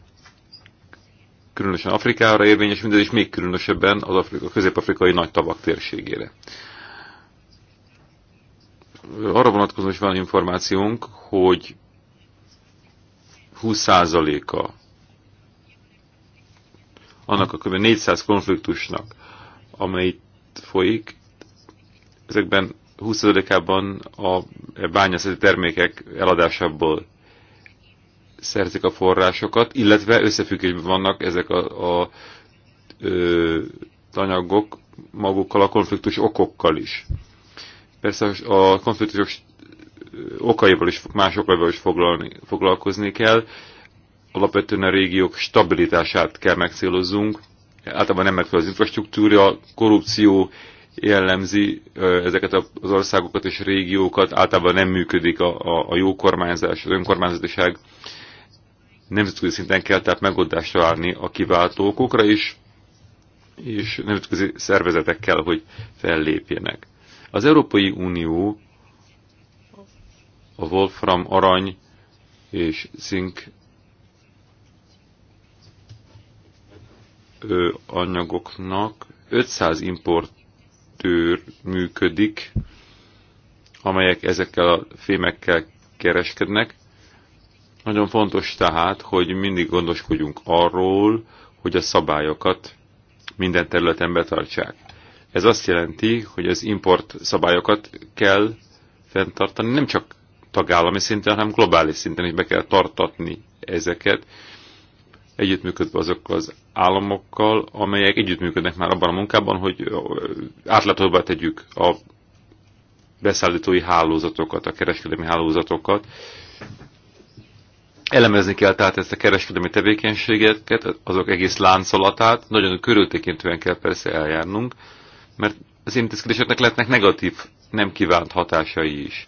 Speaker 2: Különösen Afrikára érvényes mindez, és még különösebben az Afrika, közép-afrikai nagy tavak térségére. Arra vonatkozóan is van információnk, hogy 20%-a annak a kb. 400 konfliktusnak, amely folyik, ezekben 20%-ában a bányászati termékek eladásából szerzik a forrásokat, illetve összefüggésben vannak ezek a, a ö, anyagok magukkal a konfliktus okokkal is. Persze a konfliktusok okaival is, más okaival is foglalni, foglalkozni kell. Alapvetően a régiók stabilitását kell megcélozzunk. Általában nem megfelelő az infrastruktúra, korrupció, jellemzi ezeket az országokat és régiókat, általában nem működik a, a, a jó kormányzás, az önkormányzatiság. Nemzetközi szinten kell tehát megoldást találni a kiváltó okokra is, és nemzetközi szervezetek kell, hogy fellépjenek. Az Európai Unió a Wolfram arany és zink anyagoknak 500 import tőr működik, amelyek ezekkel a fémekkel kereskednek. Nagyon fontos tehát, hogy mindig gondoskodjunk arról, hogy a szabályokat minden területen betartsák. Ez azt jelenti, hogy az import szabályokat kell fenntartani, nem csak tagállami szinten, hanem globális szinten is be kell tartatni ezeket, együttműködve azokkal az államokkal, amelyek együttműködnek már abban a munkában, hogy átláthatóbbá tegyük a beszállítói hálózatokat, a kereskedelmi hálózatokat. Elemezni kell tehát ezt a kereskedelmi tevékenységet, azok egész láncolatát, nagyon körültekintően kell persze eljárnunk, mert az intézkedéseknek lehetnek negatív, nem kívánt hatásai is.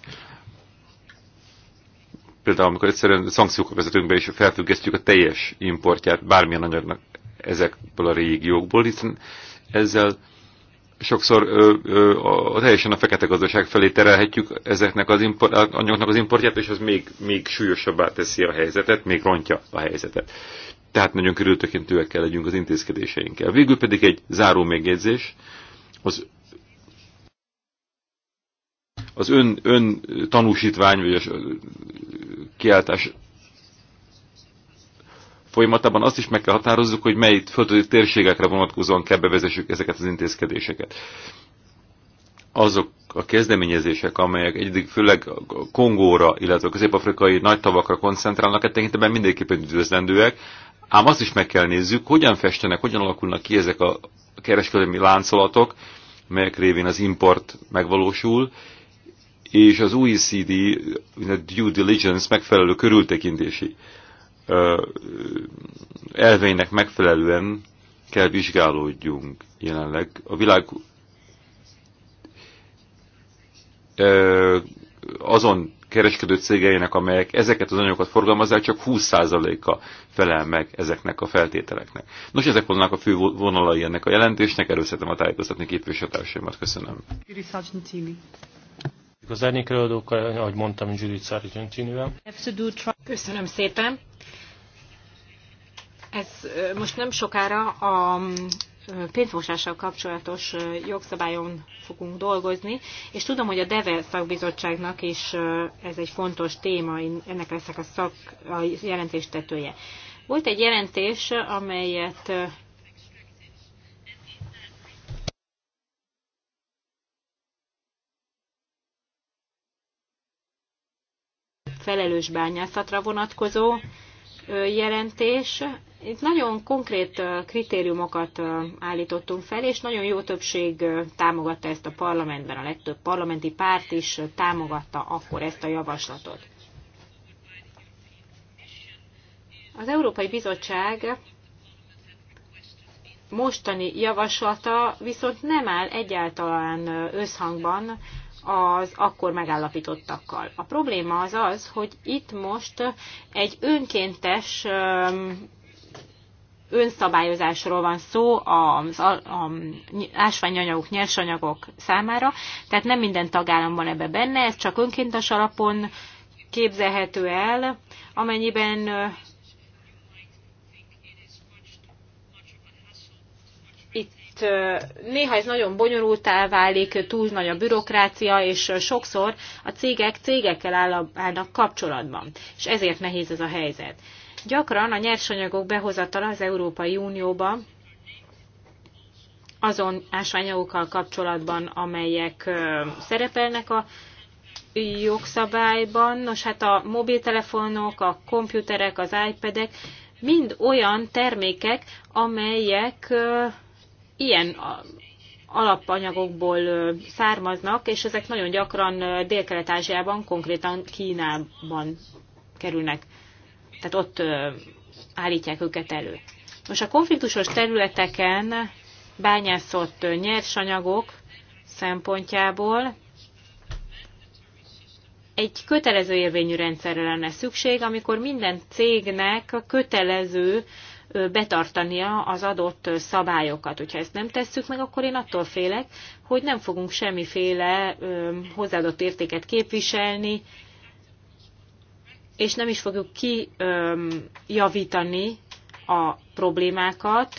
Speaker 2: Például, amikor egyszerűen szankciók vezetünk be, és felfüggesztjük a teljes importját bármilyen anyagnak ezekből a régiókból, hiszen ezzel sokszor ö, ö, a, teljesen a fekete gazdaság felé terelhetjük ezeknek az import, anyagnak az importját, és az még, még súlyosabbá teszi a helyzetet, még rontja a helyzetet. Tehát nagyon körültekintőek kell legyünk az intézkedéseinkkel. Végül pedig egy záró megjegyzés, az az ön, ön tanúsítvány vagy a kiáltás folyamatában azt is meg kell határozzuk, hogy mely földi térségekre vonatkozóan kell bevezessük ezeket az intézkedéseket. Azok a kezdeményezések, amelyek egyik főleg Kongóra, illetve a közép-afrikai nagy tavakra koncentrálnak, e tekintetben mindenképpen üdvözlendőek, ám azt is meg kell nézzük, hogyan festenek, hogyan alakulnak ki ezek a kereskedelmi láncolatok, melyek révén az import megvalósul, és az OECD due diligence megfelelő körültekintési elveinek megfelelően kell vizsgálódjunk jelenleg. A világ azon kereskedő cégeinek, amelyek ezeket az anyagokat forgalmazzák, csak 20%-a felel meg ezeknek a feltételeknek. Nos, ezek vannak a fő vonalai ennek a jelentésnek, Erőszetem a tájékoztatni képviselőtársaimat. Köszönöm
Speaker 3: az árnyékelőadókkal, ahogy mondtam, Judith Sargentinivel.
Speaker 1: Köszönöm szépen. Ez most nem sokára a pénzmosással kapcsolatos jogszabályon fogunk dolgozni, és tudom, hogy a DEVE szakbizottságnak is ez egy fontos téma, ennek leszek a, szak, a jelentés Volt egy jelentés, amelyet felelős bányászatra vonatkozó jelentés. Itt nagyon konkrét kritériumokat állítottunk fel, és nagyon jó többség támogatta ezt a parlamentben, a legtöbb parlamenti párt is támogatta akkor ezt a javaslatot. Az Európai Bizottság mostani javaslata viszont nem áll egyáltalán összhangban az akkor megállapítottakkal. A probléma az az, hogy itt most egy önkéntes önszabályozásról van szó az ásványanyagok, nyersanyagok számára, tehát nem minden tagállam van ebbe benne, ez csak önkéntes alapon képzelhető el, amennyiben mert néha ez nagyon bonyolultá válik, túl nagy a bürokrácia, és sokszor a cégek cégekkel állnak kapcsolatban, és ezért nehéz ez a helyzet. Gyakran a nyersanyagok behozatala az Európai Unióba azon ásványokkal kapcsolatban, amelyek szerepelnek a jogszabályban, nos hát a mobiltelefonok, a komputerek, az iPad-ek mind olyan termékek, amelyek ilyen alapanyagokból származnak, és ezek nagyon gyakran Dél-Kelet-Ázsiában, konkrétan Kínában kerülnek. Tehát ott állítják őket elő. Most a konfliktusos területeken bányászott nyersanyagok szempontjából egy kötelező érvényű rendszerre lenne szükség, amikor minden cégnek kötelező betartania az adott szabályokat. Hogyha ezt nem tesszük meg, akkor én attól félek, hogy nem fogunk semmiféle hozzáadott értéket képviselni, és nem is fogjuk kijavítani a problémákat,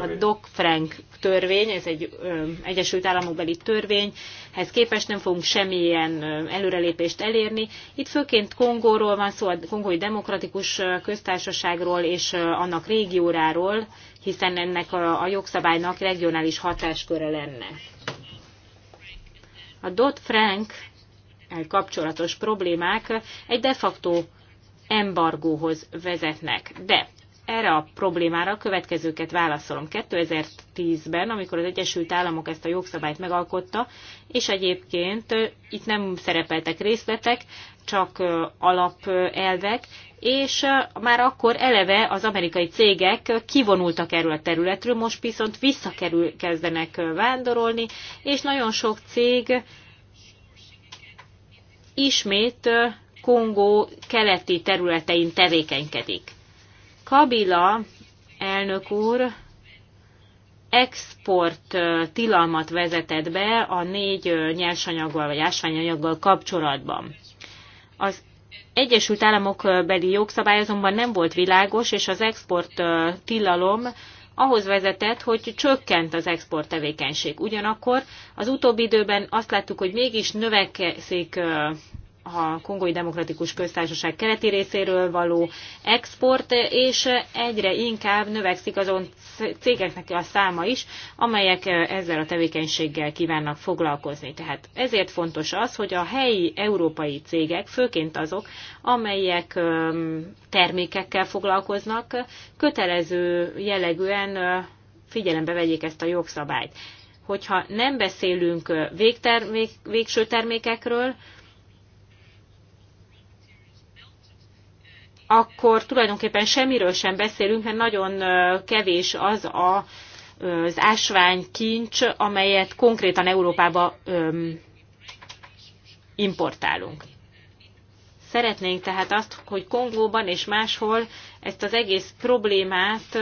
Speaker 1: a Doc frank törvény, ez egy ö, Egyesült Államokbeli törvény, ehhez képest nem fogunk semmilyen ö, előrelépést elérni. Itt főként Kongóról van szó, a Kongói Demokratikus Köztársaságról és ö, annak régióráról, hiszen ennek a, a jogszabálynak regionális hatásköre lenne. A Dodd-Frank kapcsolatos problémák egy de facto embargóhoz vezetnek. De erre a problémára a következőket válaszolom. 2010-ben, amikor az Egyesült Államok ezt a jogszabályt megalkotta, és egyébként itt nem szerepeltek részletek, csak alapelvek, és már akkor eleve az amerikai cégek kivonultak erről a területről, most viszont visszakerül kezdenek vándorolni, és nagyon sok cég ismét Kongó keleti területein tevékenykedik. Kabila elnök úr export tilalmat vezetett be a négy nyersanyaggal vagy ásványanyaggal kapcsolatban. Az Egyesült Államok beli jogszabály azonban nem volt világos, és az export tilalom ahhoz vezetett, hogy csökkent az export tevékenység. Ugyanakkor az utóbbi időben azt láttuk, hogy mégis növekszik a Kongói Demokratikus Köztársaság keleti részéről való export, és egyre inkább növekszik azon cégeknek a száma is, amelyek ezzel a tevékenységgel kívánnak foglalkozni. Tehát ezért fontos az, hogy a helyi európai cégek, főként azok, amelyek termékekkel foglalkoznak, kötelező jellegűen figyelembe vegyék ezt a jogszabályt. Hogyha nem beszélünk végtermék, végső termékekről, akkor tulajdonképpen semmiről sem beszélünk, mert nagyon kevés az a, az ásványkincs, amelyet konkrétan Európába öm, importálunk. Szeretnénk tehát azt, hogy Kongóban és máshol ezt az egész problémát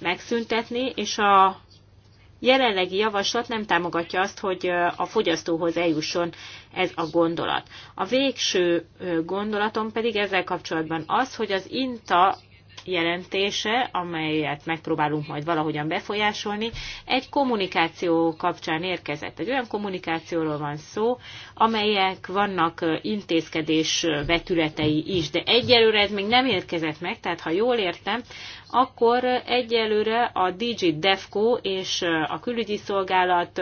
Speaker 1: megszüntetni, és a jelenlegi javaslat nem támogatja azt, hogy a fogyasztóhoz eljusson ez a gondolat. A végső gondolatom pedig ezzel kapcsolatban az, hogy az INTA jelentése, amelyet megpróbálunk majd valahogyan befolyásolni, egy kommunikáció kapcsán érkezett. Egy olyan kommunikációról van szó, amelyek vannak intézkedés vetületei is, de egyelőre ez még nem érkezett meg, tehát ha jól értem, akkor egyelőre a DG DEFCO és a külügyi szolgálat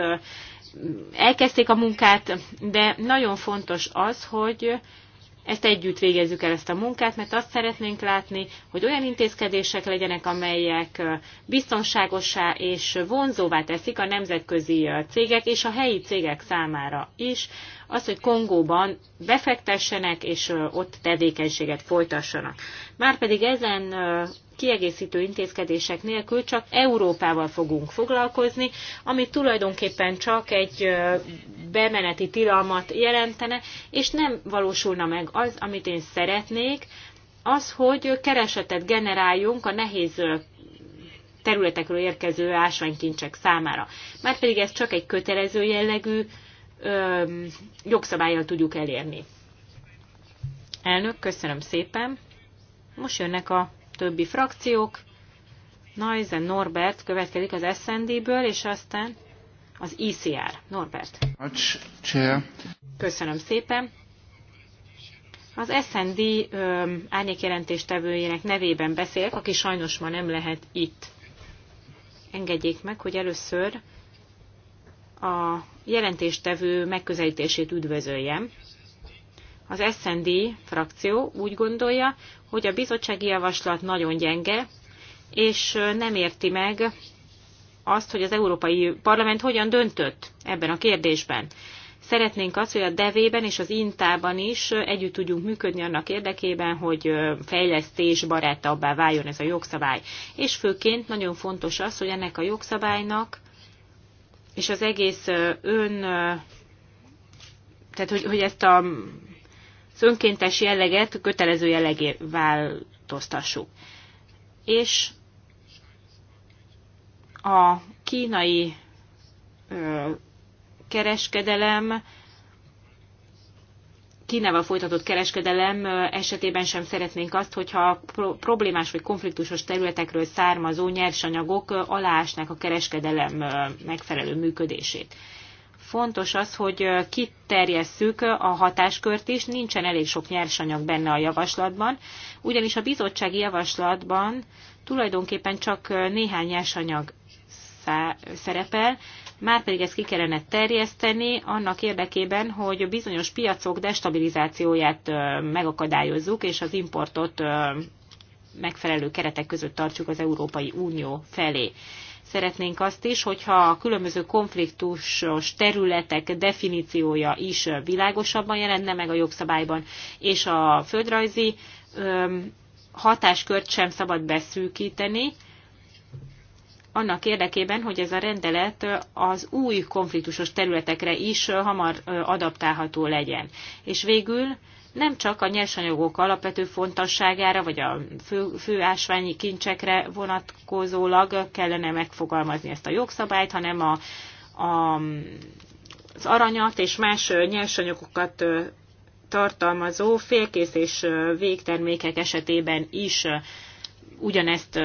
Speaker 1: elkezdték a munkát, de nagyon fontos az, hogy ezt együtt végezzük el ezt a munkát, mert azt szeretnénk látni, hogy olyan intézkedések legyenek, amelyek biztonságosá és vonzóvá teszik a nemzetközi cégek és a helyi cégek számára is, az, hogy Kongóban befektessenek és ott tevékenységet folytassanak. Márpedig ezen kiegészítő intézkedések nélkül csak Európával fogunk foglalkozni, ami tulajdonképpen csak egy bemeneti tilalmat jelentene, és nem valósulna meg az, amit én szeretnék, az, hogy keresetet generáljunk a nehéz területekről érkező ásványkincsek számára. Márpedig ezt csak egy kötelező jellegű ö, jogszabályjal tudjuk elérni. Elnök, köszönöm szépen. Most jönnek a többi frakciók. Noizen Norbert következik az SND-ből, és aztán az ICR. Norbert. Köszönöm szépen. Az SND árnyékjelentéstevőjének nevében beszélek, aki sajnos ma nem lehet itt. Engedjék meg, hogy először a jelentéstevő megközelítését üdvözöljem. Az SND frakció úgy gondolja, hogy a bizottsági javaslat nagyon gyenge, és nem érti meg azt, hogy az Európai Parlament hogyan döntött ebben a kérdésben. Szeretnénk azt, hogy a devében és az intában is együtt tudjunk működni annak érdekében, hogy fejlesztés barátabbá váljon ez a jogszabály. És főként nagyon fontos az, hogy ennek a jogszabálynak és az egész ön, tehát hogy, hogy ezt a az önkéntes jelleget kötelező jellegé változtassuk. És a kínai ö, kereskedelem, Kínával folytatott kereskedelem esetében sem szeretnénk azt, hogyha problémás vagy konfliktusos területekről származó nyersanyagok aláásnak a kereskedelem megfelelő működését fontos az, hogy kiterjesszük a hatáskört is, nincsen elég sok nyersanyag benne a javaslatban, ugyanis a bizottsági javaslatban tulajdonképpen csak néhány nyersanyag szerepel, már pedig ezt ki kellene terjeszteni annak érdekében, hogy bizonyos piacok destabilizációját megakadályozzuk, és az importot megfelelő keretek között tartsuk az Európai Unió felé. Szeretnénk azt is, hogyha a különböző konfliktusos területek definíciója is világosabban jelenne meg a jogszabályban, és a földrajzi hatáskört sem szabad beszűkíteni, annak érdekében, hogy ez a rendelet az új konfliktusos területekre is hamar adaptálható legyen. És végül nem csak a nyersanyagok alapvető fontosságára, vagy a fő, ásványi kincsekre vonatkozólag kellene megfogalmazni ezt a jogszabályt, hanem a, a, az aranyat és más nyersanyagokat tartalmazó félkész és végtermékek esetében is ugyanezt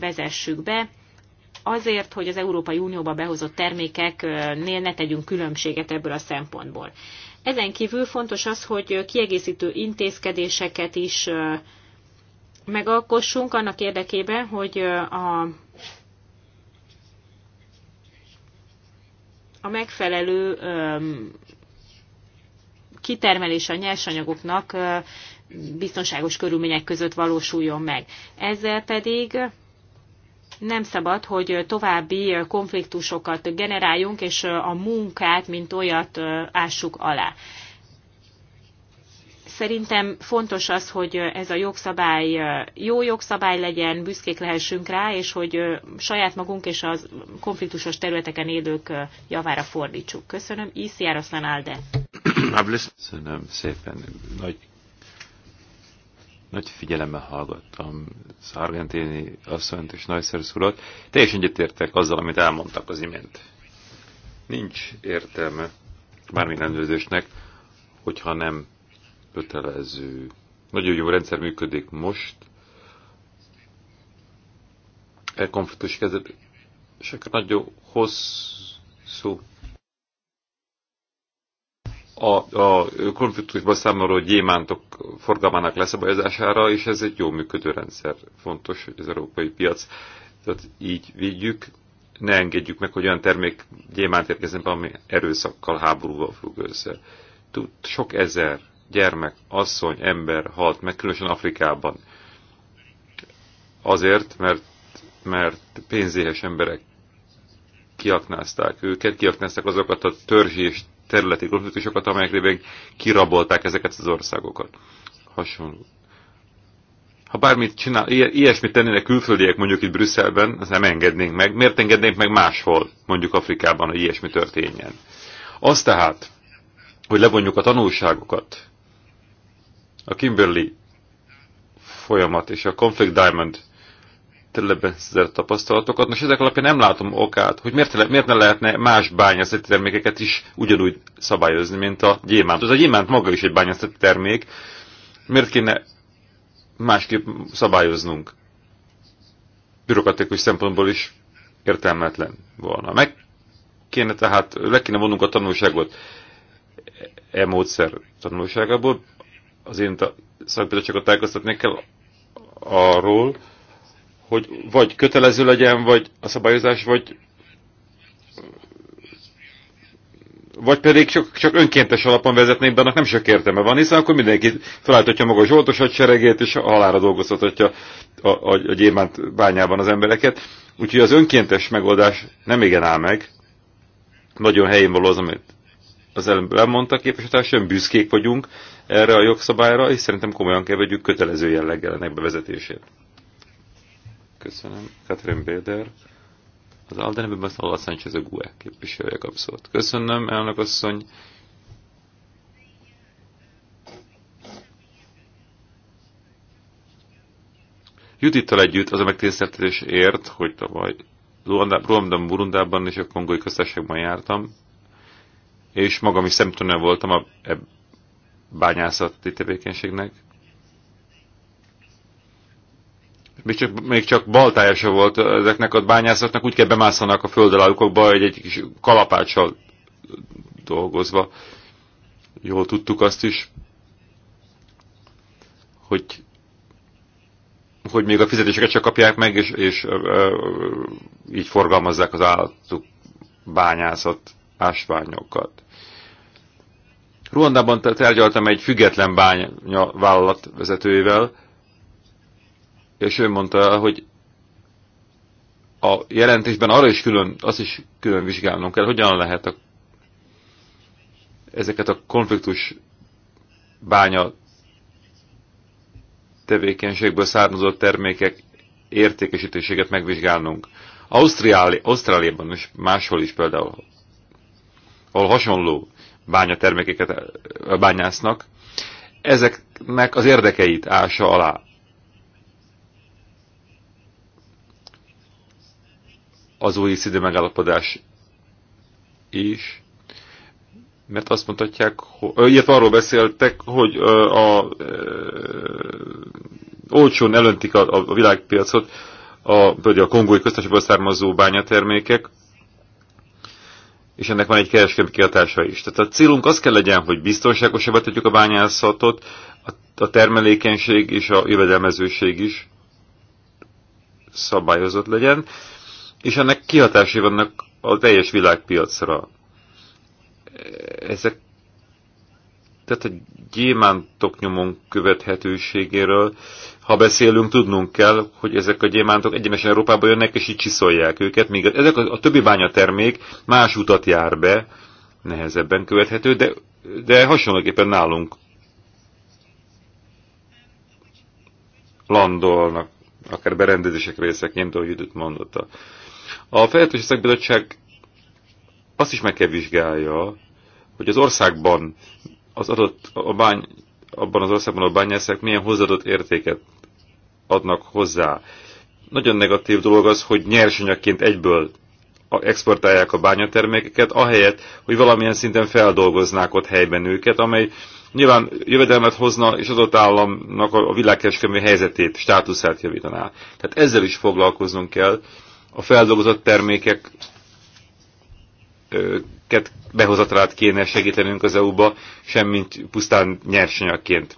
Speaker 1: vezessük be, azért, hogy az Európai Unióba behozott termékeknél ne tegyünk különbséget ebből a szempontból. Ezen kívül fontos az, hogy kiegészítő intézkedéseket is megalkossunk annak érdekében, hogy a, a megfelelő kitermelése a nyersanyagoknak biztonságos körülmények között valósuljon meg. Ezzel pedig nem szabad, hogy további konfliktusokat generáljunk, és a munkát, mint olyat ássuk alá. Szerintem fontos az, hogy ez a jogszabály jó jogszabály legyen, büszkék lehessünk rá, és hogy saját magunk és a konfliktusos területeken élők javára fordítsuk. Köszönöm. Iszi Jaroszlán Alde.
Speaker 2: Köszönöm szépen. Nagy nagy figyelemmel hallgattam az argentini asszonyt és nagyszerűs szurat. Teljesen egyetértek azzal, amit elmondtak az imént. Nincs értelme bármilyen rendőrzésnek, hogyha nem kötelező. Nagyon jó rendszer működik most. E konfliktus akkor nagyon hosszú a, a konfliktusban számoló gyémántok forgalmának leszabályozására, és ez egy jó működő rendszer. Fontos, hogy az európai piac tehát így védjük, ne engedjük meg, hogy olyan termék gyémánt érkezzen be, ami erőszakkal, háborúval függ össze. Tud, sok ezer gyermek, asszony, ember halt meg, különösen Afrikában. Azért, mert, mert pénzéhes emberek kiaknázták őket, kiaknázták azokat a törzsi és területi konfliktusokat, amelyek révén kirabolták ezeket az országokat. Hasonló. Ha bármit csinál, ilyesmit tennének külföldiek mondjuk itt Brüsszelben, az nem engednénk meg. Miért engednénk meg máshol, mondjuk Afrikában, hogy ilyesmi történjen? Az tehát, hogy levonjuk a tanulságokat, a Kimberley folyamat és a Conflict Diamond területben szerzett tapasztalatokat. Most ezek alapján nem látom okát, hogy miért, le, miért ne lehetne más bányászati termékeket is ugyanúgy szabályozni, mint a gyémánt. Az a gyémánt maga is egy bányászati termék. Miért kéne másképp szabályoznunk? Bürokratikus szempontból is értelmetlen volna. Meg kéne tehát, le kéne vonnunk a tanulságot e módszer tanulságából. Az én szakbizottságot tájékoztatni kell arról, hogy vagy kötelező legyen, vagy a szabályozás, vagy vagy pedig csak, csak önkéntes alapon vezetnék de annak nem sok értelme van, hiszen akkor mindenki felállítatja maga a zsoltos hadseregét, és halára dolgoztatja a, a, a gyémánt bányában az embereket. Úgyhogy az önkéntes megoldás nem igen áll meg. Nagyon helyén való az, amit az előbb lemondta képviselőtársaim, büszkék vagyunk erre a jogszabályra, és szerintem komolyan kell vegyük kötelező jelleggel ennek bevezetését. Köszönöm. Katrin Béder. Az Alde nevében Szalva Sánchez a GUE képviselője kap Köszönöm, elnök asszony. Judittal együtt az a megtiszteltetés ért, hogy tavaly Ruandában, Burundában és a kongói köztársaságban jártam, és magam is szemtönő voltam a e- bányászati tevékenységnek. még csak, még csak baltája se volt ezeknek a bányászatnak, úgy kell bemászanak a föld alá egy, egy kis kalapáccsal dolgozva. Jól tudtuk azt is, hogy, hogy még a fizetéseket csak kapják meg, és, és e, így forgalmazzák az állatuk bányászat ásványokat. Ruandában tárgyaltam egy független bánya vállalat vezetőjével, és ő mondta el, hogy a jelentésben arra is külön, azt is külön vizsgálnunk kell, hogyan lehet a, ezeket a konfliktus bánya tevékenységből származó termékek értékesítéséget megvizsgálnunk. Ausztriáli, Ausztráliában és máshol is például, ahol hasonló termékeket bányásznak, ezeknek az érdekeit ása alá az szidő megállapodás is, mert azt mondhatják, hogy, illetve arról beszéltek, hogy a, ö, olcsón elöntik a, a világpiacot a, például a kongói köztársaságból származó bányatermékek, és ennek van egy kereskedelmi kiadása is. Tehát a célunk az kell legyen, hogy biztonságosabbá tegyük a bányászatot, a, a termelékenység és a jövedelmezőség is szabályozott legyen és ennek kihatásai vannak a teljes világpiacra. Ezek tehát a gyémántok nyomon követhetőségéről, ha beszélünk, tudnunk kell, hogy ezek a gyémántok egyenesen Európába jönnek, és így csiszolják őket, míg ezek a, a többi bányatermék más utat jár be, nehezebben követhető, de, de hasonlóképpen nálunk landolnak, akár berendezések részeként, ahogy Judit mondotta. A Fejlesztési Szakbizottság azt is meg kell vizsgálja, hogy az országban az adott, a bány, abban az országban a bányászák milyen hozzáadott értéket adnak hozzá. Nagyon negatív dolog az, hogy nyersanyagként egyből exportálják a bányatermékeket, ahelyett, hogy valamilyen szinten feldolgoznák ott helyben őket, amely nyilván jövedelmet hozna, és az ott államnak a világkereskedelmi helyzetét, státuszát javítaná. Tehát ezzel is foglalkoznunk kell, a feldolgozott termékek ket behozatalát kéne segítenünk az EU-ba, semmint pusztán nyersanyagként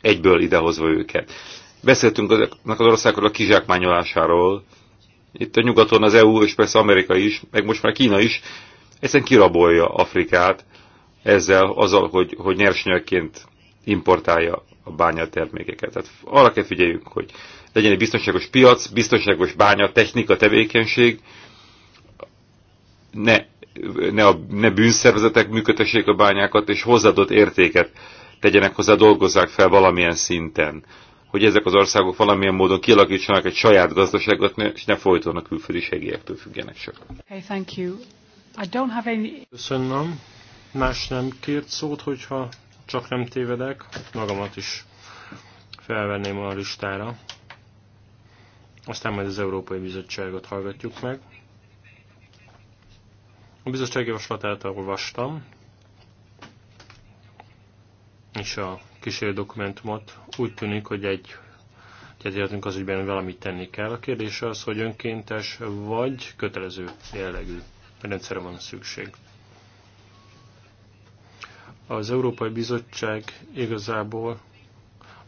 Speaker 2: egyből idehozva őket. Beszéltünk azoknak az országokról a kizsákmányolásáról. Itt a nyugaton az EU, és persze Amerika is, meg most már Kína is, egyszerűen kirabolja Afrikát ezzel, azzal, hogy, hogy nyersanyagként importálja a bányatermékeket. Tehát arra kell figyeljünk, hogy legyen egy biztonságos piac, biztonságos bánya, technika, tevékenység, ne, ne, a, ne bűnszervezetek működtessék a bányákat, és hozzáadott értéket tegyenek hozzá, dolgozzák fel valamilyen szinten, hogy ezek az országok valamilyen módon kialakítsanak egy saját gazdaságot, és ne folyton a külföldi segélyektől függjenek csak.
Speaker 1: Hey, thank you. I don't have any...
Speaker 3: Köszönöm. Más nem kért szót, hogyha csak nem tévedek, magamat is felvenném a listára. Aztán majd az Európai Bizottságot hallgatjuk meg. A bizottság javaslatát olvastam, és a kísérő dokumentumot úgy tűnik, hogy egy egyetértünk az ügyben, valamit tenni kell. A kérdés az, hogy önkéntes vagy kötelező jellegű rendszerre van szükség. Az Európai Bizottság igazából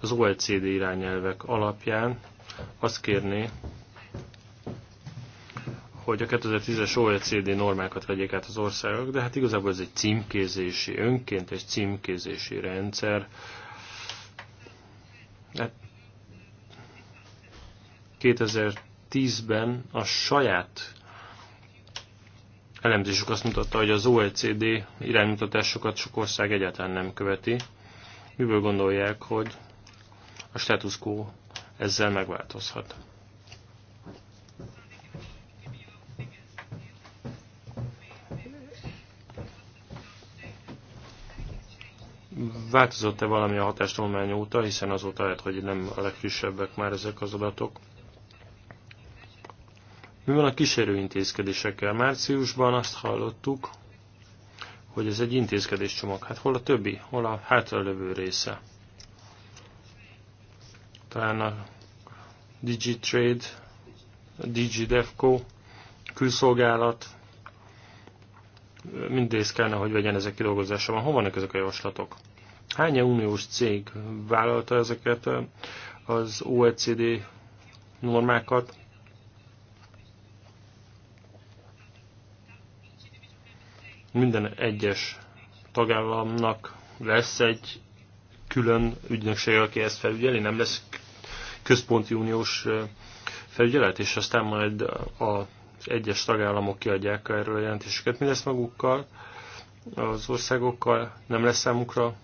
Speaker 3: az OECD irányelvek alapján azt kérné, hogy a 2010-es OECD normákat vegyék át az országok, de hát igazából ez egy címkézési, önkéntes címkézési rendszer. Hát 2010-ben a saját elemzésük azt mutatta, hogy az OECD iránymutatásokat sok ország egyáltalán nem követi. Miből gondolják, hogy a status quo ezzel megváltozhat. Változott-e valami a hatástolmány óta, hiszen azóta lehet, hogy nem a legfrissebbek már ezek az adatok. Mi van a kísérő intézkedésekkel? Márciusban azt hallottuk, hogy ez egy intézkedéscsomag. Hát hol a többi? Hol a hátralövő része? talán a DigiTrade, a DigiDevco, külszolgálat, mind kellene, hogy vegyen ezek kidolgozásában. Hol vannak ezek a javaslatok? Hány uniós cég vállalta ezeket eh, az OECD normákat? Minden egyes tagállamnak lesz egy külön ügynökség, aki ezt felügyeli, nem lesz központi uniós felügyelet, és aztán majd az egyes tagállamok kiadják erről a jelentéseket. Mi lesz magukkal, az országokkal? Nem lesz számukra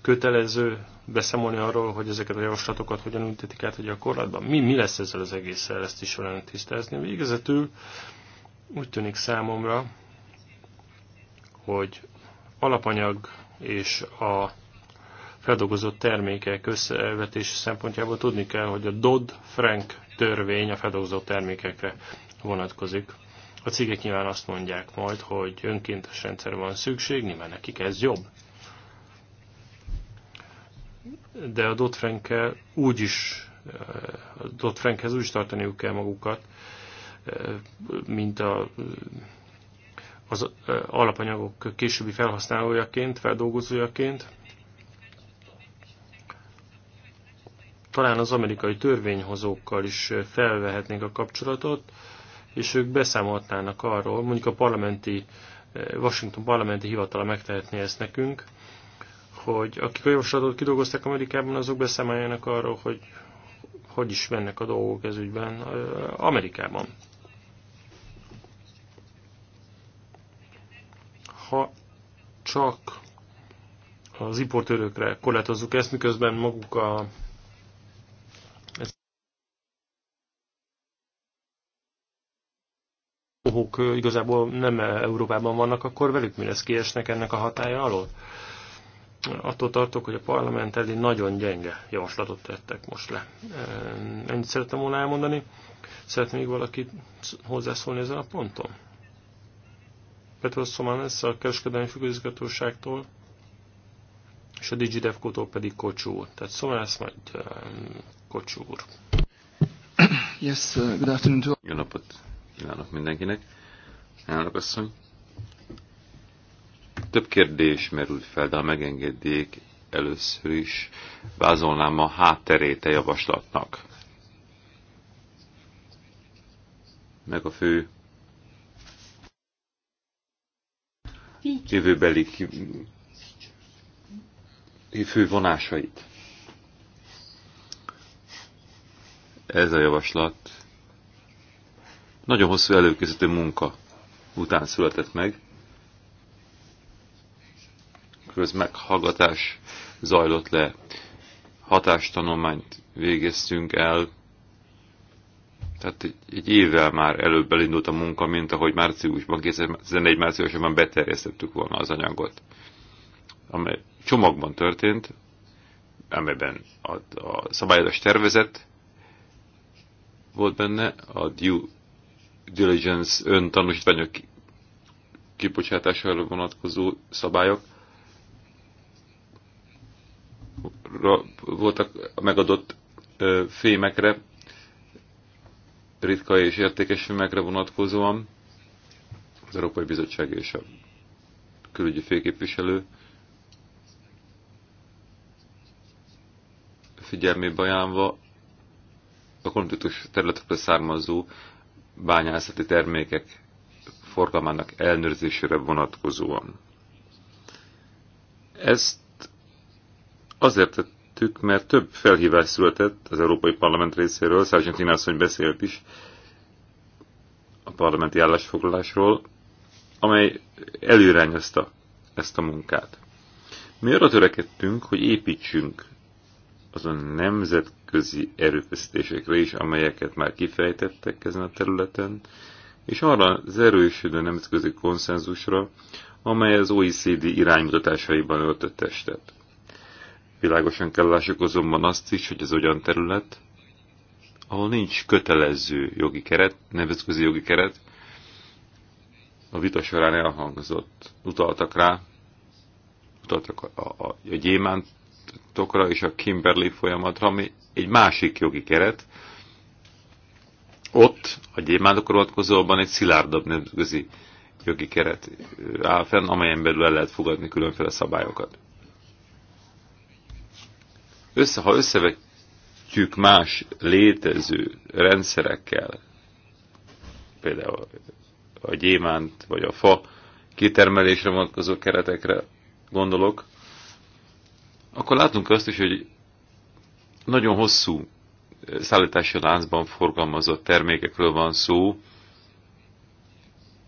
Speaker 3: kötelező beszámolni arról, hogy ezeket a javaslatokat hogyan ültetik át a gyakorlatban? Mi, mi lesz ezzel az egésszel? Ezt is olyan tisztázni. Végezetül úgy tűnik számomra, hogy alapanyag és a feldolgozott termékek összevetési szempontjából tudni kell, hogy a Dodd-Frank törvény a feldolgozott termékekre vonatkozik. A cégek nyilván azt mondják majd, hogy önkéntes rendszer van szükség, nyilván nekik ez jobb. De a Dodd-Frankkel úgy is, a Dodd-Frankhez úgy is tartaniuk kell magukat, mint a, az alapanyagok későbbi felhasználójaként, feldolgozójaként, talán az amerikai törvényhozókkal is felvehetnénk a kapcsolatot, és ők beszámolhatnának arról, mondjuk a parlamenti, eh, Washington parlamenti hivatala megtehetné ezt nekünk, hogy akik a javaslatot kidolgozták Amerikában, azok beszámoljanak arról, hogy hogy is mennek a dolgok ez ügyben eh, Amerikában. Ha csak az importőrökre korlátozzuk ezt, miközben maguk a maguk igazából nem e, Európában vannak, akkor velük mi lesz, kiesnek ennek a hatája alól? Attól tartok, hogy a parlament elé nagyon gyenge javaslatot tettek most le. Ennyit szerettem volna elmondani. Szeret még valaki hozzászólni ezen a ponton? Petros Szománes a kereskedelmi függőzgatóságtól, és a DigiDevco-tól pedig Kocsú Tehát Szománes majd um, Kocsú
Speaker 2: Yes, uh, good afternoon to Jó napot kívánok mindenkinek. Elnök asszony. Több kérdés merült fel, de ha megengedjék, először is vázolnám a hátterét a javaslatnak. Meg a fő jövőbeli fő vonásait. Ez a javaslat nagyon hosszú előkészítő munka után született meg. Köz meghallgatás zajlott le, hatástanulmányt végeztünk el, tehát egy, egy évvel már előbb elindult a munka, mint ahogy márciusban, 2014 márciusban beterjesztettük volna az anyagot, amely csomagban történt, amelyben a, a szabályozás tervezet volt benne, a due diligence öntanúsítványok kibocsátására vonatkozó szabályok voltak megadott fémekre, ritka és értékes filmekre vonatkozóan az Európai Bizottság és a külügyi főképviselő figyelmébe ajánlva a konfliktus területekre származó bányászati termékek forgalmának elnőrzésére vonatkozóan. Ezt azért tettük, mert több felhívás született az Európai Parlament részéről, Sargentin asszony beszélt is a parlamenti állásfoglalásról, amely előrányozta ezt a munkát. Mi arra törekedtünk, hogy építsünk azon nemzet nemzetközi erőfeszítésekre is, amelyeket már kifejtettek ezen a területen, és arra az erősödő nemzetközi konszenzusra, amely az OECD iránymutatásaiban öltött testet. Világosan kell lássuk azonban azt is, hogy ez olyan terület, ahol nincs kötelező jogi keret, nemzetközi jogi keret, a vita során elhangzott, utaltak rá, utaltak a, a, a gyémánt folyamatokra és a Kimberley folyamatra, ami egy másik jogi keret. Ott a gyémántokra vonatkozóban egy szilárdabb nemzetközi jogi keret áll fenn, amelyen belül el lehet fogadni különféle szabályokat. Össze, ha összevetjük más létező rendszerekkel, például a gyémánt vagy a fa kitermelésre vonatkozó keretekre gondolok, akkor látunk azt is, hogy nagyon hosszú szállítási láncban forgalmazott termékekről van szó.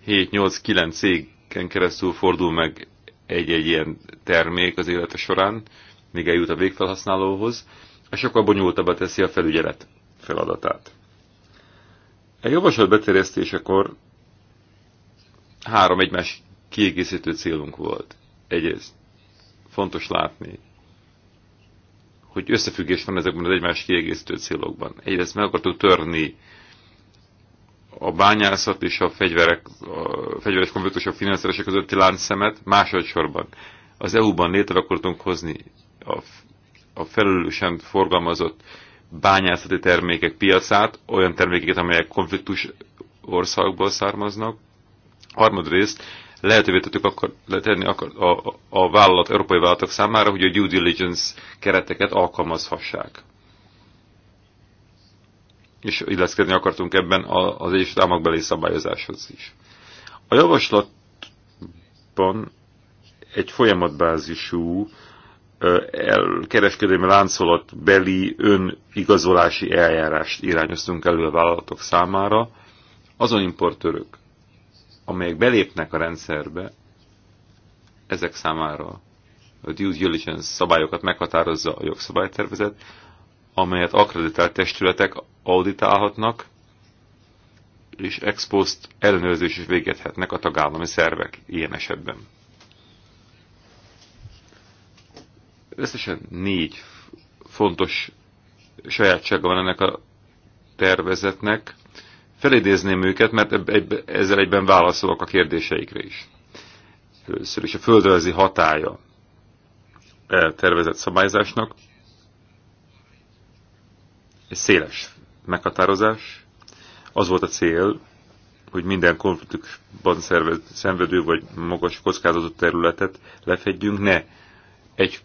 Speaker 2: 7-8-9 cégen keresztül fordul meg egy-egy ilyen termék az élete során, míg eljut a végfelhasználóhoz, és sokkal bonyolultabbá teszi a felügyelet feladatát. A e javaslat beterjesztésekor három egymás kiegészítő célunk volt. Egyrészt fontos látni, hogy összefüggés van ezekben az egymás kiegészítő célokban. Egyrészt meg akartuk törni a bányászat és a fegyverek, a fegyveres konfliktusok finanszírozása közötti láncszemet, másodszorban az EU-ban létre akartunk hozni a, a felelősen forgalmazott bányászati termékek piacát, olyan termékeket, amelyek konfliktus országból származnak. Harmadrészt lehetővé tettük akkor tenni akar, a, a vállalat, európai vállalatok számára, hogy a due diligence kereteket alkalmazhassák. És illeszkedni akartunk ebben az Egyesült Államok belé szabályozáshoz is. A javaslatban egy folyamatbázisú kereskedelmi láncolat beli önigazolási eljárást irányoztunk elő a vállalatok számára. Azon importőrök, amelyek belépnek a rendszerbe, ezek számára a due diligence szabályokat meghatározza a jogszabálytervezet, amelyet akreditált testületek auditálhatnak, és ex post ellenőrzés is végethetnek a tagállami szervek ilyen esetben. Összesen négy fontos sajátsága van ennek a tervezetnek, Felidézném őket, mert ezzel egyben válaszolok a kérdéseikre is. Először is a földrajzi hatája tervezett szabályzásnak. Egy széles meghatározás. Az volt a cél, hogy minden konfliktusban szerved, szenvedő vagy magas kockázatot területet lefedjünk, ne egy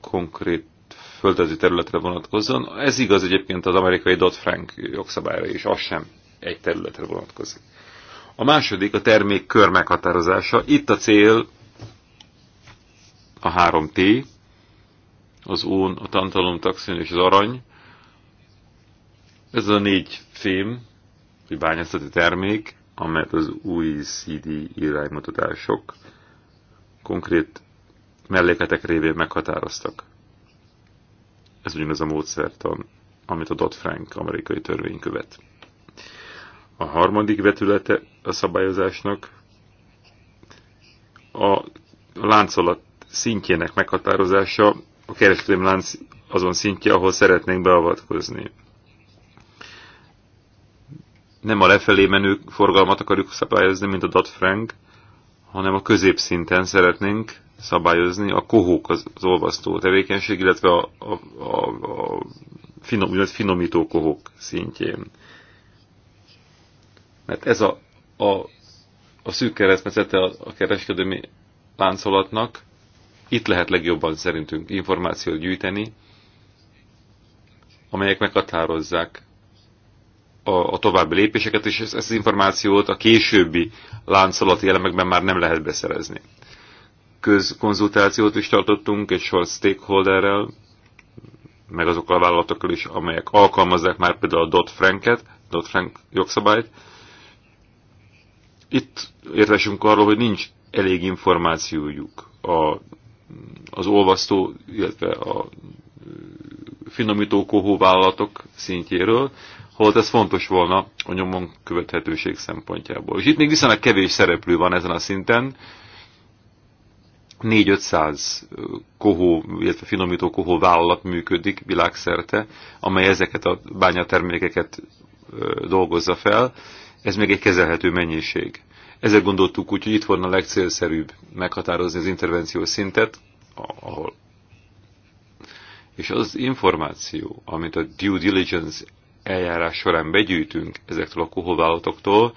Speaker 2: konkrét földrajzi területre vonatkozzon. Ez igaz egyébként az amerikai Dodd-Frank jogszabályra is, az sem egy területre vonatkozik. A második a termék kör meghatározása. Itt a cél a 3T, az ón, a tantalom, taxin és az arany. Ez a négy fém, egy bányászati termék, amelyet az új e CD iránymutatások konkrét mellékletek révén meghatároztak. Ez ugyanaz a módszert, amit a Dodd-Frank amerikai törvény követ. A harmadik vetülete a szabályozásnak a láncolat szintjének meghatározása, a kereskedelmi lánc azon szintje, ahol szeretnénk beavatkozni. Nem a lefelé menő forgalmat akarjuk szabályozni, mint a Dodd-Frank, hanem a középszinten szeretnénk szabályozni a kohók az, olvasztó tevékenység, illetve a, a, a, a finom, finomító kohók szintjén. Mert ez a, a, a szűk keresztmetszete a, a kereskedelmi láncolatnak, itt lehet legjobban szerintünk információt gyűjteni, amelyek meghatározzák a, a további lépéseket, és ezt, ezt az információt a későbbi láncolati elemekben már nem lehet beszerezni. Közkonzultációt is tartottunk egy sor stakeholderrel, meg azokkal a vállalatokkal is, amelyek alkalmazzák már például a Dodd-Franket, Dodd-Frank jogszabályt. Itt értesünk arról, hogy nincs elég információjuk a, az olvasztó, illetve a finomító kohó vállalatok szintjéről, holott ez fontos volna a nyomon követhetőség szempontjából. És itt még viszonylag kevés szereplő van ezen a szinten, 4-500 kohó, illetve finomító kohó vállalat működik világszerte, amely ezeket a bányatermékeket dolgozza fel. Ez még egy kezelhető mennyiség. Ezért gondoltuk úgy, hogy itt volna a legcélszerűbb meghatározni az intervenció szintet, ahol. És az információ, amit a due diligence eljárás során begyűjtünk ezektől a kohóvállalatoktól,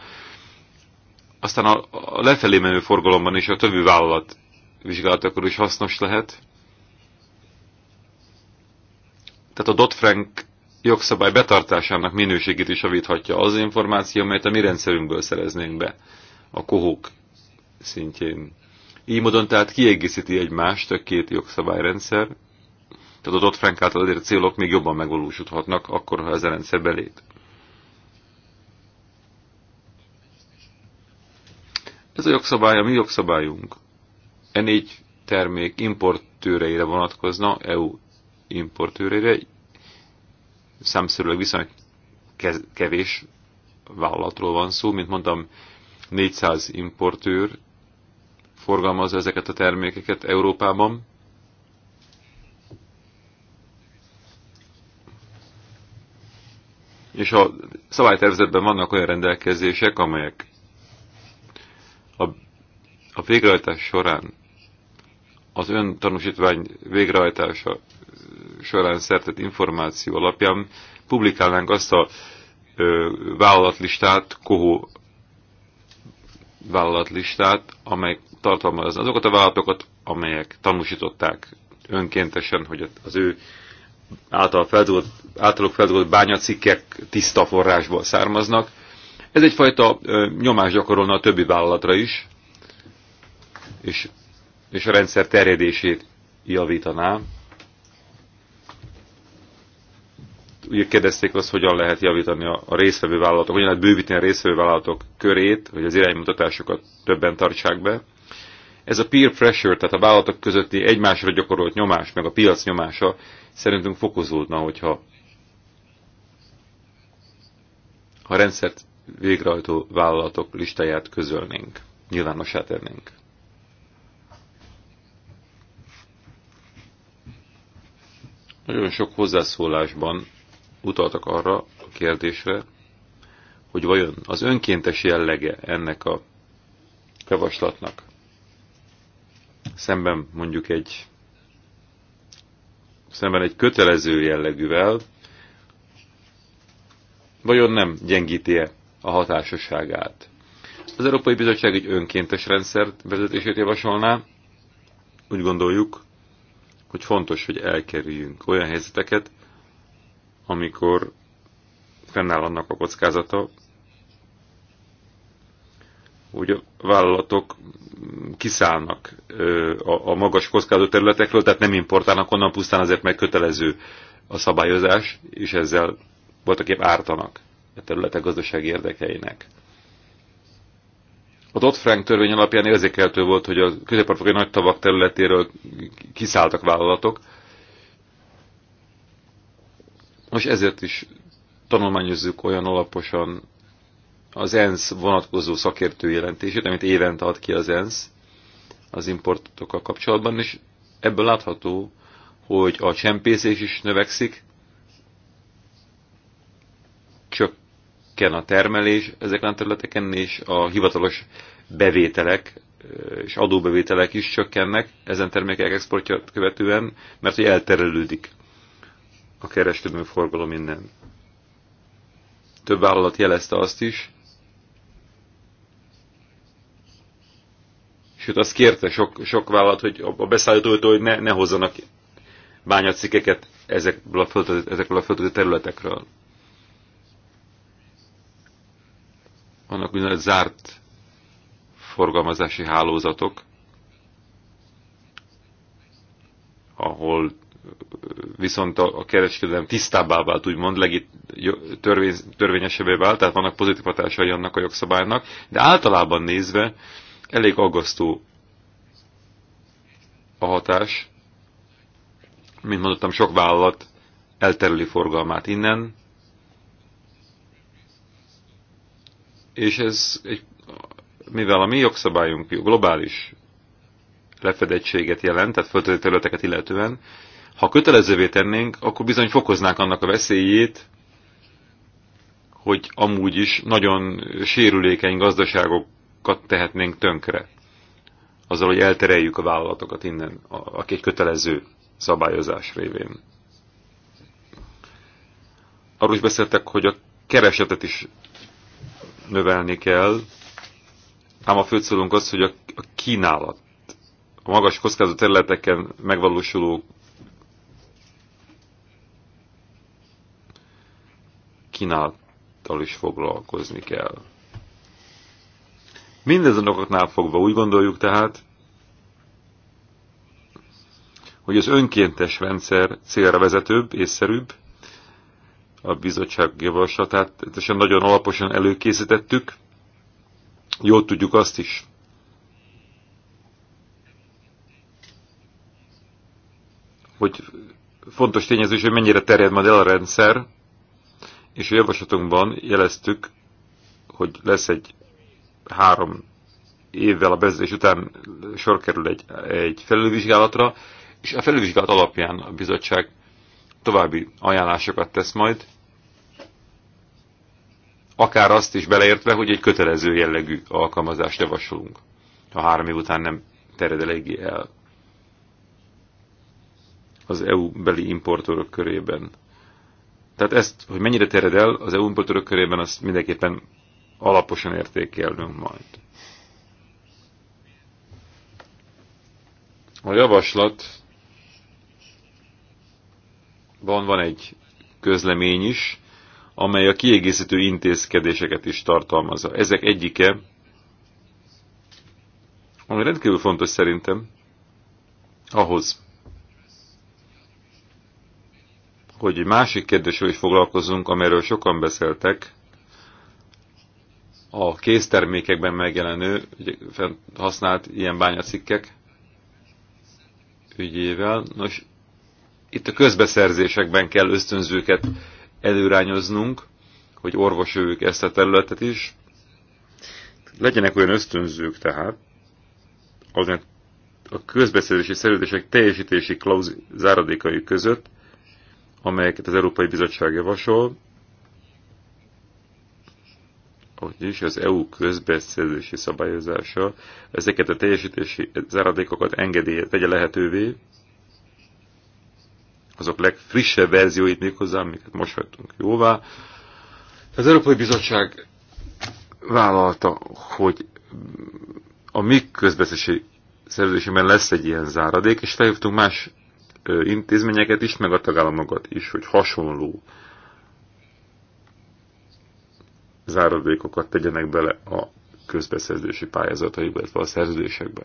Speaker 2: aztán a, a lefelé menő forgalomban is a többi vállalat vizsgálatakor is hasznos lehet. Tehát a Dodd-Frank jogszabály betartásának minőségét is javíthatja az információ, amelyet a mi rendszerünkből szereznénk be a kohók szintjén. Így módon tehát kiegészíti egymást a két jogszabályrendszer, tehát az ott fenk által elért célok még jobban megvalósulhatnak, akkor, ha ez a rendszer belép. Ez a jogszabály, a mi jogszabályunk. E négy termék importőreire vonatkozna, EU importőreire, számszerűleg viszonylag kevés vállalatról van szó, mint mondtam, 400 importőr forgalmazza ezeket a termékeket Európában, és a szabálytervezetben vannak olyan rendelkezések, amelyek a, a végrehajtás során, az öntanúsítvány végrehajtása során szertett információ alapján publikálnánk azt a ö, vállalatlistát, kohó vállalatlistát, amely tartalmaz azokat a vállalatokat, amelyek tanúsították önkéntesen, hogy az ő által feldolgozott, általuk feldolgozott bányacikkek tiszta forrásból származnak. Ez egyfajta nyomás gyakorolna a többi vállalatra is, és, és a rendszer terjedését javítaná. Ugye kérdezték azt, hogyan lehet javítani a, a részvevő vállalatok, hogyan lehet bővíteni a részvevő vállalatok körét, hogy az iránymutatásokat többen tartsák be. Ez a peer pressure, tehát a vállalatok közötti egymásra gyakorolt nyomás, meg a piac nyomása szerintünk fokozódna, hogyha ha rendszert végrehajtó vállalatok listáját közölnénk, nyilvánossá tennénk. Nagyon sok hozzászólásban utaltak arra a kérdésre, hogy vajon az önkéntes jellege ennek a javaslatnak szemben mondjuk egy szemben egy kötelező jellegűvel, vajon nem gyengíti-e a hatásosságát. Az Európai Bizottság egy önkéntes rendszer vezetését javasolná. Úgy gondoljuk, hogy fontos, hogy elkerüljünk olyan helyzeteket, amikor fennáll annak a kockázata, hogy a vállalatok kiszállnak a magas kockázó területekről, tehát nem importálnak onnan pusztán azért, mert kötelező a szabályozás, és ezzel voltak épp ártanak a területek gazdasági érdekeinek. A Dodd-Frank törvény alapján érzékeltő volt, hogy a közép nagy tavak területéről kiszálltak vállalatok. Most ezért is tanulmányozzuk olyan alaposan az ENSZ vonatkozó szakértő jelentését, amit évente ad ki az ENSZ az importokkal kapcsolatban, és ebből látható, hogy a csempészés is növekszik, csökken a termelés ezeken a területeken, és a hivatalos bevételek és adóbevételek is csökkennek ezen termékek exportját követően, mert hogy elterelődik a kereskedelmi forgalom innen. Több vállalat jelezte azt is, Sőt, azt kérte sok, sok vállalat, hogy a beszállítótól, hogy ne, ne hozzanak bányacikeket ezekből a földközi, ezekből a földközi területekről. Vannak úgynevezett zárt forgalmazási hálózatok, ahol viszont a kereskedelem tisztábbá vált, úgymond legit, törvény, törvényesebbé vált, tehát vannak pozitív hatásai annak a jogszabálynak, de általában nézve Elég aggasztó a hatás. Mint mondottam, sok vállalat elterüli forgalmát innen, és ez egy, mivel a mi jogszabályunk globális lefedettséget jelent, tehát földi területeket illetően, ha kötelezővé tennénk, akkor bizony fokoznánk annak a veszélyét, hogy amúgy is nagyon sérülékeny gazdaságok vállalatokat tehetnénk tönkre. Azzal, hogy eltereljük a vállalatokat innen, aki egy kötelező szabályozás révén. Arról is beszéltek, hogy a keresetet is növelni kell, ám a fő célunk az, hogy a kínálat, a magas kockázat területeken megvalósuló kínálattal is foglalkozni kell. Mindezen okoknál fogva úgy gondoljuk tehát, hogy az önkéntes rendszer célra vezetőbb, észszerűbb, a bizottság javaslatát tehát nagyon alaposan előkészítettük, jól tudjuk azt is, hogy fontos tényező hogy mennyire terjed majd el a rendszer, és a javaslatunkban jeleztük, hogy lesz egy három évvel a bevezetés után sor kerül egy, egy felülvizsgálatra, és a felülvizsgálat alapján a bizottság további ajánlásokat tesz majd, akár azt is beleértve, hogy egy kötelező jellegű alkalmazást javasolunk, ha három év után nem terjed eléggé el az EU-beli importőrök körében. Tehát ezt, hogy mennyire terjed el az EU importőrök körében, azt mindenképpen alaposan értékelnünk majd. A javaslat van, van egy közlemény is, amely a kiegészítő intézkedéseket is tartalmazza. Ezek egyike, ami rendkívül fontos szerintem, ahhoz, hogy egy másik kérdésről is foglalkozunk, amelyről sokan beszéltek, a késztermékekben megjelenő, használt ilyen bányacikkek ügyével. Nos, itt a közbeszerzésekben kell ösztönzőket előrányoznunk, hogy orvosoljuk ezt a területet is. Legyenek olyan ösztönzők tehát, azért a közbeszerzési szerződések teljesítési klauz záradékai között, amelyeket az Európai Bizottság javasol, és az EU közbeszerzési szabályozása ezeket a teljesítési záradékokat engedélye tegye lehetővé, azok legfrissebb verzióit méghozzá, amiket most vettünk jóvá. Az Európai Bizottság vállalta, hogy a mi közbeszerzési szerződésében lesz egy ilyen záradék, és felhívtunk más intézményeket is, meg a tagállamokat is, hogy hasonló záradékokat tegyenek bele a közbeszerzési pályázataiba, illetve a szerződésekbe.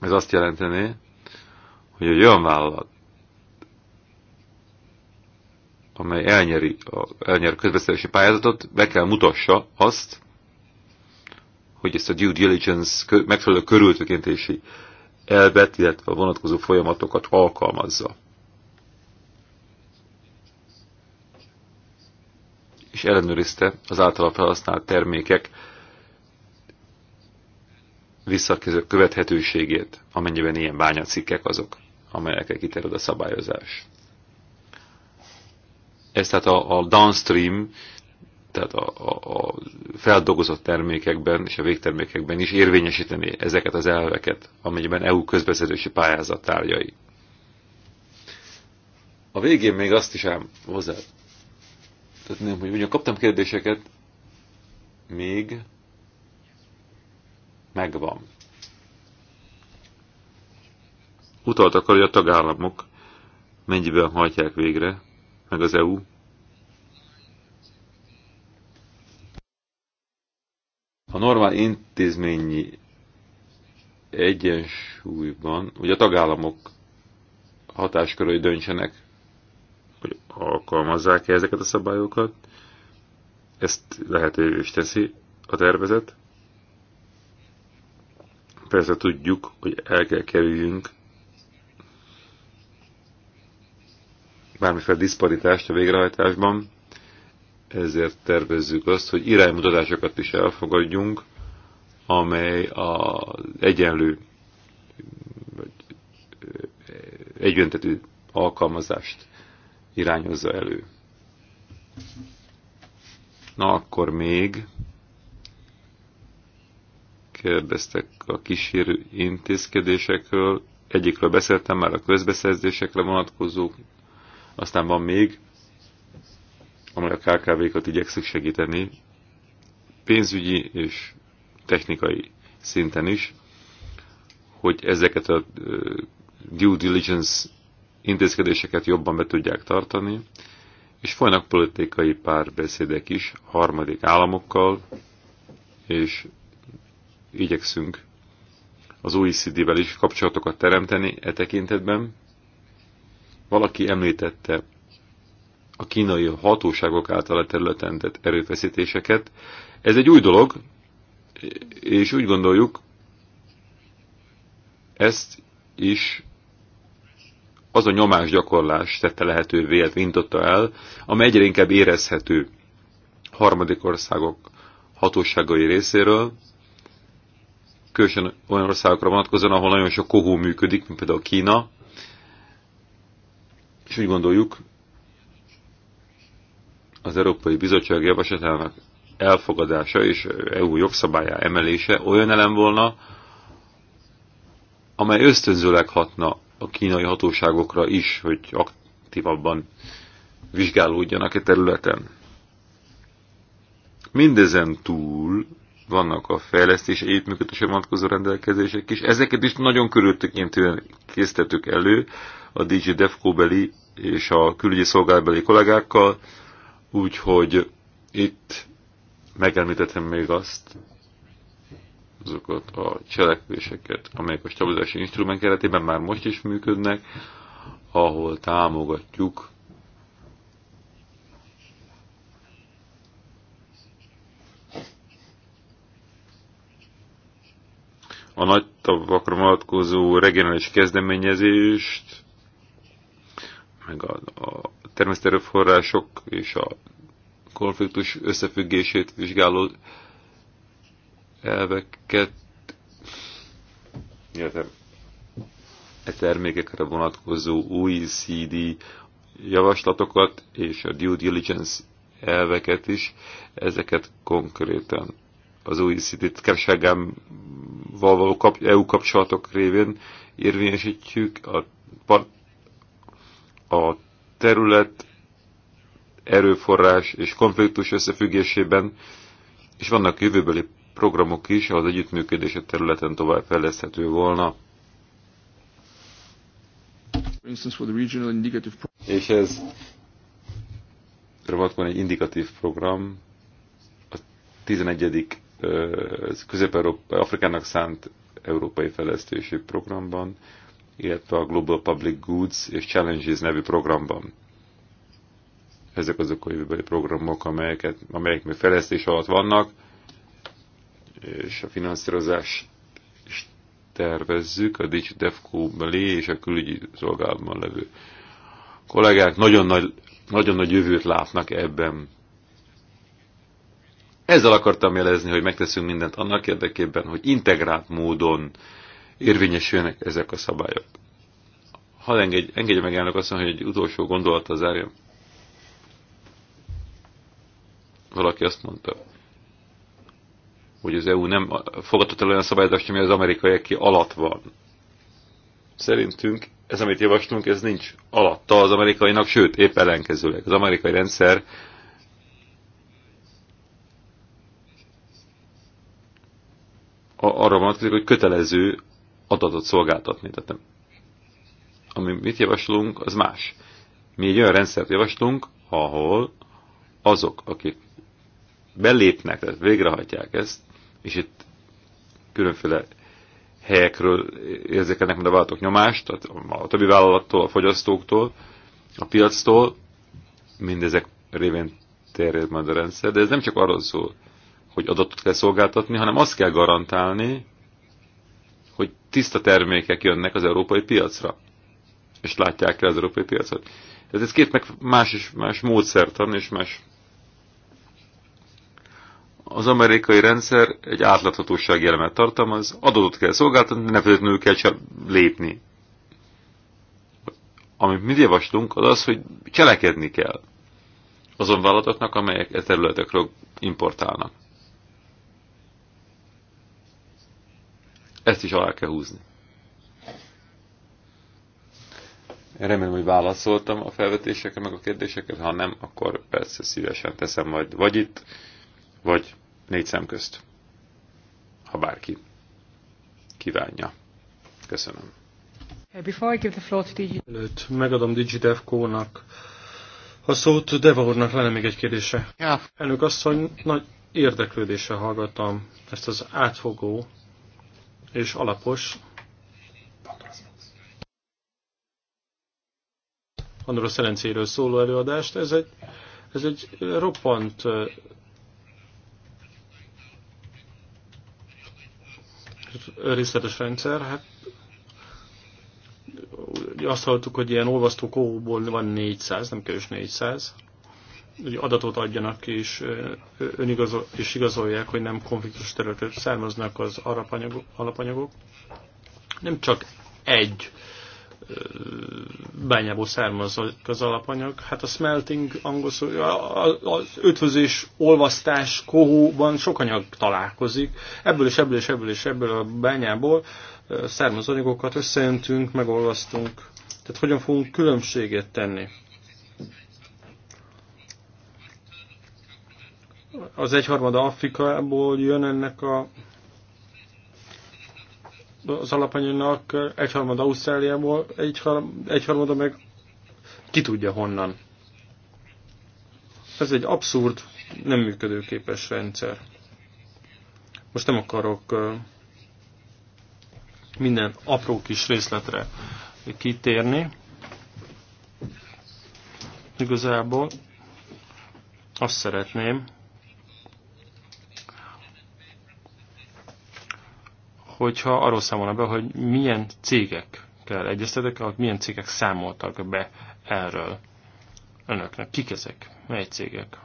Speaker 2: Ez azt jelenteni, hogy egy olyan vállalat, amely elnyeri, a, elnyer a közbeszerzési pályázatot, be kell mutassa azt, hogy ezt a due diligence megfelelő körültökéntési elvet, illetve a vonatkozó folyamatokat alkalmazza. és ellenőrizte az általa felhasznált termékek visszakező követhetőségét, amennyiben ilyen bányacikkek azok, amelyekre kiterjed a szabályozás. Ez tehát a, a downstream, tehát a, a, a feldolgozott termékekben és a végtermékekben is érvényesíteni ezeket az elveket, amennyiben EU közbeszerzési pályázat tárgyai. A végén még azt is ám hozzá nem, hogy ugyan kaptam kérdéseket, még megvan. Utaltak arra, hogy a tagállamok mennyiben hajtják végre, meg az EU. A normál intézményi egyensúlyban, hogy a tagállamok hatásköröi döntsenek hogy alkalmazzák-e ezeket a szabályokat. Ezt lehetővé is teszi a tervezet. Persze tudjuk, hogy el kell kerüljünk bármiféle diszparitást a végrehajtásban, ezért tervezzük azt, hogy iránymutatásokat is elfogadjunk, amely az egyenlő vagy egyöntetű alkalmazást irányozza elő. Na akkor még kérdeztek a kísérő intézkedésekről. Egyikről beszéltem már a közbeszerzésekre vonatkozó, aztán van még, amely a KKV-kat igyekszik segíteni, pénzügyi és technikai szinten is, hogy ezeket a due diligence intézkedéseket jobban be tudják tartani, és folynak politikai párbeszédek is harmadik államokkal, és igyekszünk az OECD-vel is kapcsolatokat teremteni e tekintetben. Valaki említette a kínai hatóságok által a területen tett erőfeszítéseket. Ez egy új dolog, és úgy gondoljuk, ezt is az a nyomásgyakorlás tette lehetővé, illetve intotta el, amely egyre inkább érezhető harmadik országok hatóságai részéről, különösen olyan országokra vonatkozóan, ahol nagyon sok kohó működik, mint például Kína, és úgy gondoljuk, az Európai Bizottság javaslatának elfogadása és EU jogszabályá emelése olyan elem volna, amely ösztönzőleg hatna a kínai hatóságokra is, hogy aktívabban vizsgálódjanak a e területen. Mindezen túl vannak a fejlesztés együttműködésre vonatkozó rendelkezések is. Ezeket is nagyon körültekintően készítettük elő a DJ Defco beli és a külügyi szolgálatbeli kollégákkal, úgyhogy itt megemlítettem még azt, azokat a cselekvéseket, amelyek a stabilizási instrument keretében már most is működnek, ahol támogatjuk a nagy tavakra vonatkozó regionális kezdeményezést, meg a, a természeterőforrások és a konfliktus összefüggését vizsgáló elveket, illetve e termékekre vonatkozó CD javaslatokat és a due diligence elveket is, ezeket konkrétan az OECD titkárságával való kap, EU kapcsolatok révén érvényesítjük. A, part, a terület erőforrás és konfliktus összefüggésében, és vannak jövőbeli programok is az a területen tovább fejleszthető volna. És ez van egy indikatív program, a 11. Közép-Afrikának szánt Európai Fejlesztési Programban, illetve a Global Public Goods és Challenges nevű programban. Ezek azok a jövőbeli programok, amelyeket, amelyek még fejlesztés alatt vannak, és a finanszírozást is tervezzük a DEFCO belé és a külügyi szolgálatban levő kollégák nagyon nagy, nagyon nagy jövőt látnak ebben. Ezzel akartam jelezni, hogy megteszünk mindent annak érdekében, hogy integrált módon érvényesülnek ezek a szabályok. Ha engedj, engedj meg elnök azt hogy egy utolsó gondolata zárjam. Valaki azt mondta, hogy az EU nem fogadott el olyan szabályozást, ami az ki alatt van. Szerintünk ez, amit javaslunk, ez nincs alatta az amerikainak, sőt, épp ellenkezőleg. Az amerikai rendszer arra vonatkozik, hogy kötelező adatot szolgáltatni. Tehát nem. Ami mit javaslunk, az más. Mi egy olyan rendszert javaslunk, ahol azok, akik belépnek, tehát végrehajtják ezt, és itt különféle helyekről érzékelnek mind a vállalatok nyomást, a többi vállalattól, a fogyasztóktól, a piactól, mindezek révén terjed majd a rendszer, de ez nem csak arról szól, hogy adatot kell szolgáltatni, hanem azt kell garantálni, hogy tiszta termékek jönnek az európai piacra, és látják el az európai piacot. Ez, ez két meg más, is, más módszertan és más az amerikai rendszer egy átláthatóság elemet tartalmaz, adatot kell szolgáltatni, nem feltétlenül kell csak lépni. Amit mi javaslunk, az az, hogy cselekedni kell azon vállalatoknak, amelyek e területekről importálnak. Ezt is alá kell húzni. Remélem, hogy válaszoltam a felvetésekre, meg a kérdésekre. Ha nem, akkor persze szívesen teszem majd vagy itt, vagy négy szem közt, ha bárki kívánja. Köszönöm.
Speaker 3: Before I give the floor to Előtt megadom DigiDevCo-nak a szót, Deva úrnak lenne még egy kérdése. Yeah. Elnök asszony, nagy érdeklődéssel hallgattam ezt az átfogó és alapos Andorra Szerencéről szóló előadást. Ez egy, ez egy roppant részletes rendszer? Hát azt hallottuk, hogy ilyen kóból van 400, nem kevés 400, hogy adatot adjanak és, önigazol, és igazolják, hogy nem konfliktus területről származnak az alapanyagok. Nem csak egy bányából származik az alapanyag. Hát a smelting angol szó, az ötvözés, olvasztás, kohóban sok anyag találkozik. Ebből és ebből és ebből és ebből a bányából származó anyagokat összeöntünk, megolvasztunk. Tehát hogyan fogunk különbséget tenni?
Speaker 1: Az egyharmada
Speaker 3: Afrikából jön ennek a az alapanyagnak egyharmad Ausztráliából, egyharmada meg ki tudja honnan. Ez egy abszurd, nem működőképes rendszer. Most nem akarok minden apró kis részletre kitérni. Igazából azt szeretném, hogyha arról számolna be, hogy milyen cégekkel egyeztetek, milyen cégek számoltak be erről önöknek. Kik ezek? Mely cégek?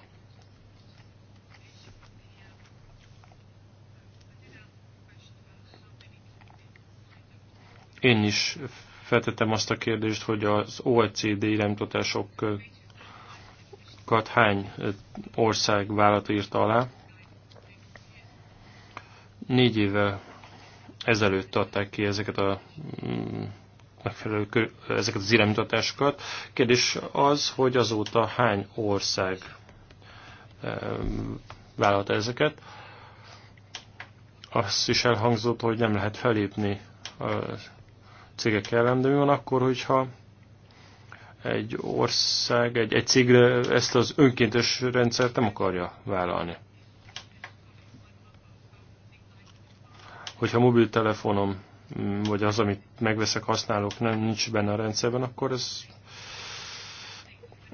Speaker 3: Én is feltettem azt a kérdést, hogy az OECD iránymutatásokat hány ország vállalat írta alá. Négy évvel ezelőtt adták ki ezeket a mm, megfelelő ezeket az iránymutatásokat. Kérdés az, hogy azóta hány ország vállalta ezeket. Azt is elhangzott, hogy nem lehet felépni a cégek ellen, de mi van akkor, hogyha egy ország, egy, egy cég ezt az önkéntes rendszert nem akarja vállalni? hogyha mobiltelefonom mm, vagy az, amit megveszek, használok, nem nincs benne a rendszerben, akkor ez,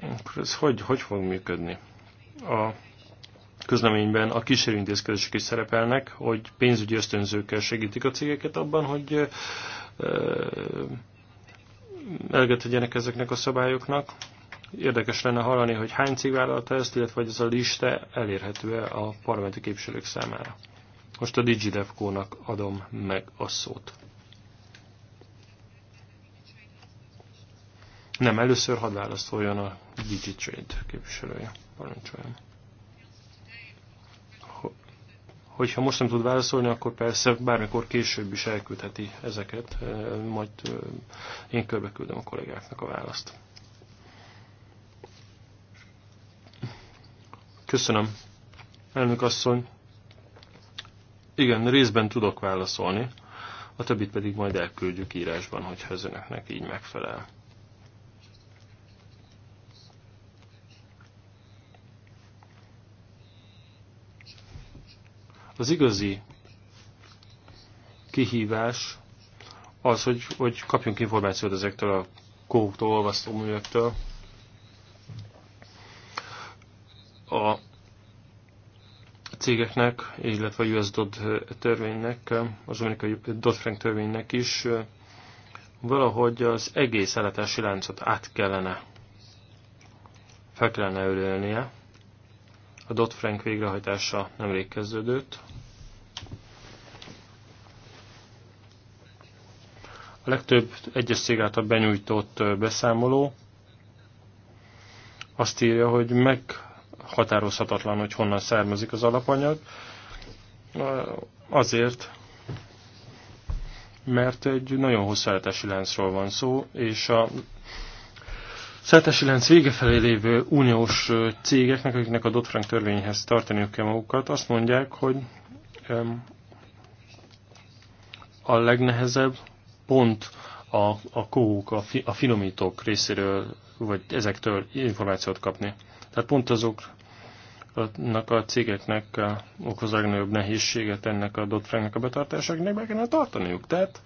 Speaker 3: akkor ez hogy, hogy fog működni? A közleményben a kísérőintézkedések is szerepelnek, hogy pénzügyi ösztönzőkkel segítik a cégeket abban, hogy eleget tegyenek ezeknek a szabályoknak. Érdekes lenne hallani, hogy hány cég vállalta ezt, illetve hogy ez a lista elérhető-e a parlamenti képviselők számára. Most a DigiDevCo-nak adom meg a szót. Nem, először hadd válaszoljon a DigiTrade képviselője. Parancsoljon. Hogyha most nem tud válaszolni, akkor persze bármikor később is elküldheti ezeket, eh, majd eh, én körbe küldöm a kollégáknak a választ. Köszönöm, elnök asszony. Igen, részben tudok válaszolni, a többit pedig majd elküldjük írásban, hogyha ez önöknek így megfelel. Az igazi kihívás az, hogy, hogy kapjunk információt ezektől a kóktól, olvasztóművektől. A cégeknek, illetve a US Dodd törvénynek, az amerikai Dodd-Frank törvénynek is valahogy az egész eletási láncot át kellene, fel kellene ölelnie. A Dodd-Frank végrehajtása nemrég kezdődött. A legtöbb egyes cég által benyújtott beszámoló azt írja, hogy meg határozhatatlan, hogy honnan származik az alapanyag. Azért, mert egy nagyon hosszú eltesi láncról van szó, és a Szeretesi Lenc vége felé lévő uniós cégeknek, akiknek a Dodd-Frank törvényhez tartaniuk kell magukat, azt mondják, hogy a legnehezebb pont a, a kók, a, fi, a finomítók részéről, vagy ezektől információt kapni. Tehát pont azok annak a cégeknek okoz a legnagyobb nehézséget ennek a dot a betartásáknak be kellene tartaniuk. Tehát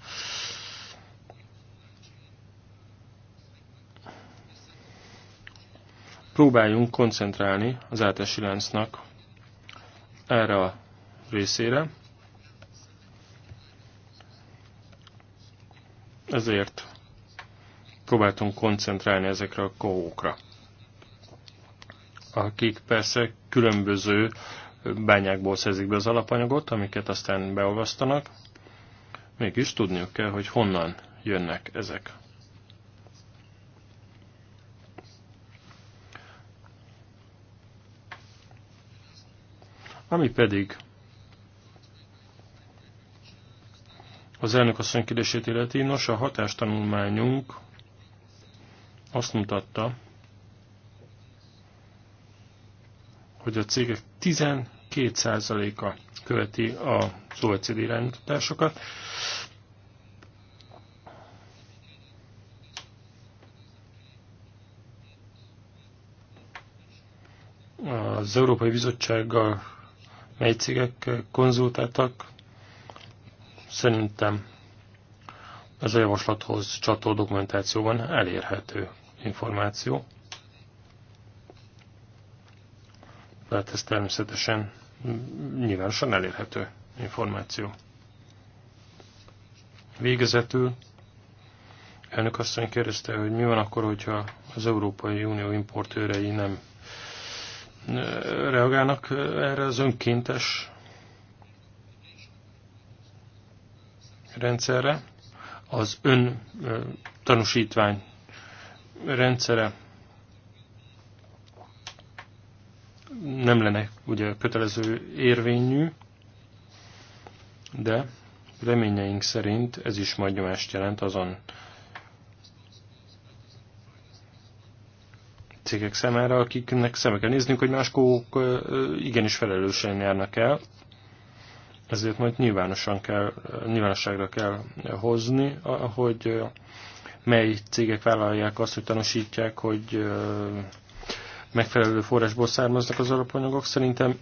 Speaker 3: próbáljunk koncentrálni az átesi láncnak erre a részére. Ezért próbáltunk koncentrálni ezekre a kohókra akik persze különböző bányákból szerzik be az alapanyagot, amiket aztán beolvasztanak. Mégis tudniuk kell, hogy honnan jönnek ezek. Ami pedig az elnök asszony kérdését illeti, nos a hatástanulmányunk azt mutatta, hogy a cégek 12%-a követi a OECD irányításokat. Az Európai Bizottsággal mely cégek konzultáltak, szerintem ez a javaslathoz csató dokumentációban elérhető információ. Tehát ez természetesen nyilvánosan elérhető információ. Végezetül elnök asszony kérdezte, hogy mi van akkor, hogyha az Európai Unió importőrei nem reagálnak erre az önkéntes rendszerre, az ön tanúsítvány rendszere nem lenne ugye kötelező érvényű, de reményeink szerint ez is majd nyomást jelent azon cégek számára, akiknek szembe kell néznünk, hogy más kók igenis felelősen járnak el, ezért majd nyilvánosan kell, nyilvánosságra kell hozni, hogy mely cégek vállalják azt, hogy tanúsítják, hogy megfelelő forrásból származnak az alapanyagok. Szerintem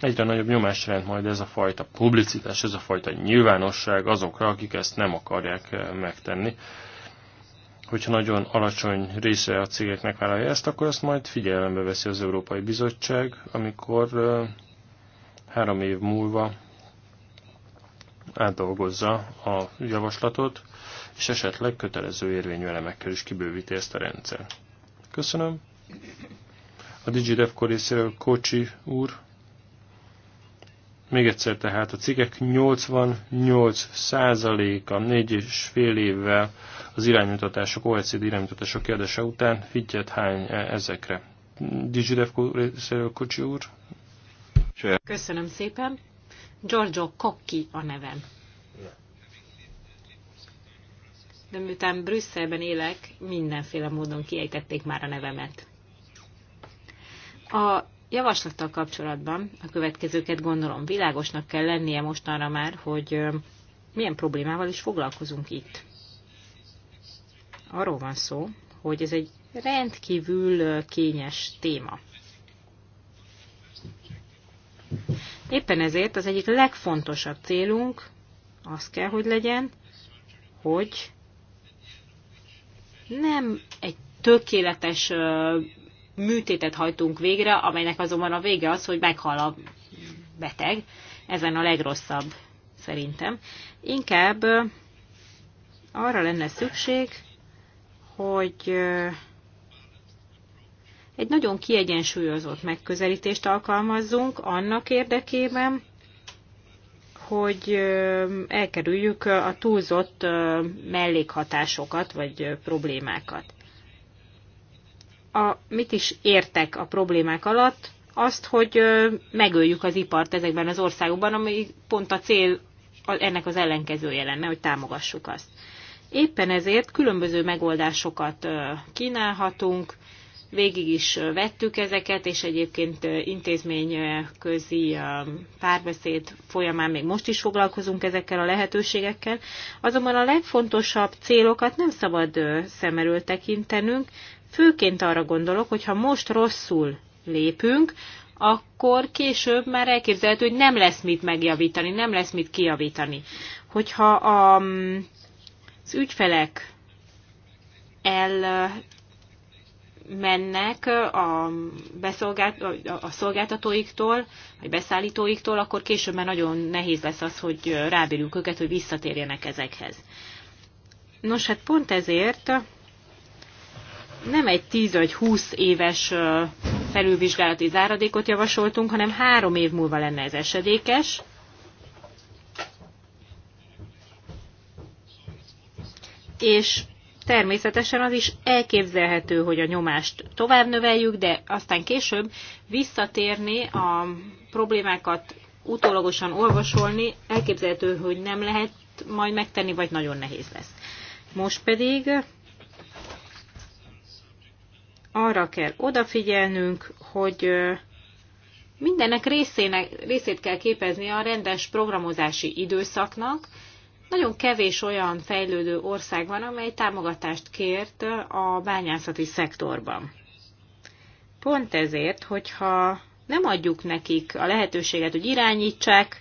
Speaker 3: egyre nagyobb nyomást jelent majd ez a fajta publicitás, ez a fajta nyilvánosság azokra, akik ezt nem akarják eh, megtenni. Hogyha nagyon alacsony része a cégeknek vállalja ezt, akkor azt majd figyelembe veszi az Európai Bizottság, amikor eh, három év múlva átdolgozza a javaslatot, és esetleg kötelező érvényű elemekkel is kibővíti ezt a rendszer. Köszönöm a DigiRevco részéről Kocsi úr. Még egyszer tehát a cikkek 88%-a fél évvel az iránymutatások, OECD iránymutatások kérdése után figyelt hány e ezekre. DigiRevco részéről Kocsi úr. Köszönöm
Speaker 1: szépen. Giorgio Kokki a nevem. De miután Brüsszelben élek, mindenféle módon kiejtették már a nevemet. A javaslattal kapcsolatban a következőket gondolom világosnak kell lennie mostanra már, hogy milyen problémával is foglalkozunk itt. Arról van szó, hogy ez egy rendkívül kényes téma. Éppen ezért az egyik legfontosabb célunk az kell, hogy legyen, hogy nem egy tökéletes műtétet hajtunk végre, amelynek azonban a vége az, hogy meghal a beteg. Ezen a legrosszabb szerintem. Inkább arra lenne szükség, hogy egy nagyon kiegyensúlyozott megközelítést alkalmazzunk annak érdekében, hogy elkerüljük a túlzott mellékhatásokat vagy problémákat a, mit is értek a problémák alatt, azt, hogy megöljük az ipart ezekben az országokban, ami pont a cél ennek az ellenkezője lenne, hogy támogassuk azt. Éppen ezért különböző megoldásokat kínálhatunk, végig is vettük ezeket, és egyébként intézményközi párbeszéd folyamán még most is foglalkozunk ezekkel a lehetőségekkel. Azonban a legfontosabb célokat nem szabad szem tekintenünk, Főként arra gondolok, hogy ha most rosszul lépünk, akkor később már elképzelhető, hogy nem lesz mit megjavítani, nem lesz mit kijavítani. Hogyha a, mm, az ügyfelek mennek a, beszolgált, a szolgáltatóiktól, vagy beszállítóiktól, akkor később már nagyon nehéz lesz az, hogy rábírjuk őket, hogy visszatérjenek ezekhez. Nos, hát pont ezért nem egy 10 vagy 20 éves felülvizsgálati záradékot javasoltunk, hanem három év múlva lenne ez esedékes. És természetesen az is elképzelhető, hogy a nyomást tovább növeljük, de aztán később visszatérni a problémákat utólagosan olvasolni, elképzelhető, hogy nem lehet majd megtenni, vagy nagyon nehéz lesz. Most pedig arra kell odafigyelnünk, hogy mindennek részének, részét kell képezni a rendes programozási időszaknak. Nagyon kevés olyan fejlődő ország van, amely támogatást kért a bányászati szektorban. Pont ezért, hogyha nem adjuk nekik a lehetőséget, hogy irányítsák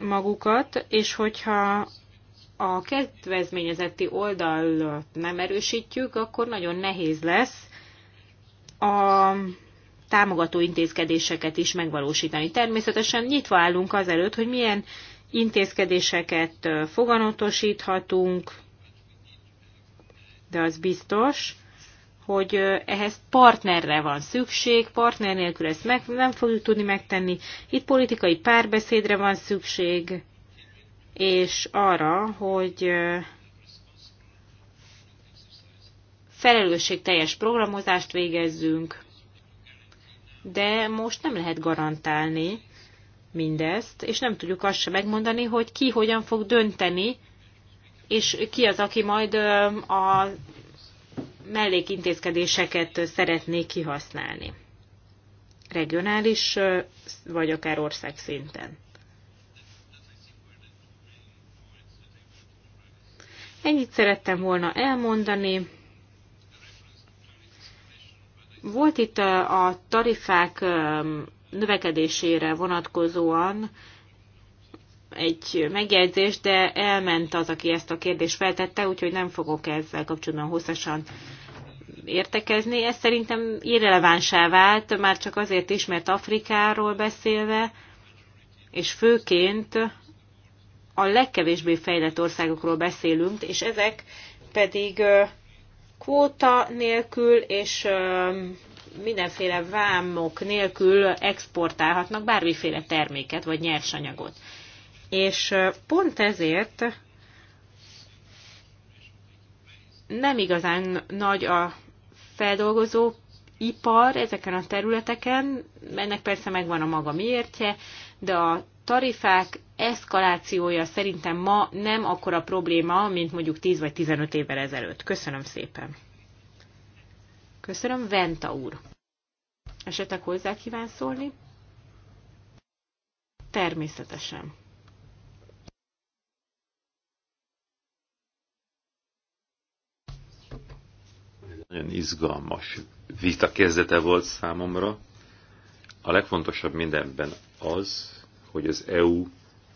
Speaker 1: magukat, és hogyha a kedvezményezeti oldalt nem erősítjük, akkor nagyon nehéz lesz a támogató intézkedéseket is megvalósítani. Természetesen nyitva állunk azelőtt, hogy milyen intézkedéseket foganatosíthatunk, de az biztos, hogy ehhez partnerre van szükség, partner nélkül ezt meg, nem fogjuk tudni megtenni. Itt politikai párbeszédre van szükség, és arra, hogy felelősségteljes programozást végezzünk, de most nem lehet garantálni mindezt, és nem tudjuk azt sem megmondani, hogy ki hogyan fog dönteni, és ki az, aki majd a mellékintézkedéseket szeretné kihasználni regionális, vagy akár szinten. Ennyit szerettem volna elmondani. Volt itt a tarifák növekedésére vonatkozóan egy megjegyzés, de elment az, aki ezt a kérdést feltette, úgyhogy nem fogok ezzel kapcsolatban hosszasan értekezni. Ez szerintem irrelevánsá vált, már csak azért is, mert Afrikáról beszélve, és főként a legkevésbé fejlett országokról beszélünk, és ezek pedig kvóta nélkül és mindenféle vámok nélkül exportálhatnak bármiféle terméket vagy nyersanyagot. És pont ezért nem igazán nagy a feldolgozó ipar ezeken a területeken, ennek persze megvan a maga miértje, de a tarifák eszkalációja szerintem ma nem akkora probléma, mint mondjuk 10 vagy 15 évvel ezelőtt. Köszönöm szépen. Köszönöm, Venta úr. Esetek hozzá kíván szólni? Természetesen.
Speaker 2: Nagyon izgalmas vita kezdete volt számomra. A legfontosabb mindenben az, hogy az EU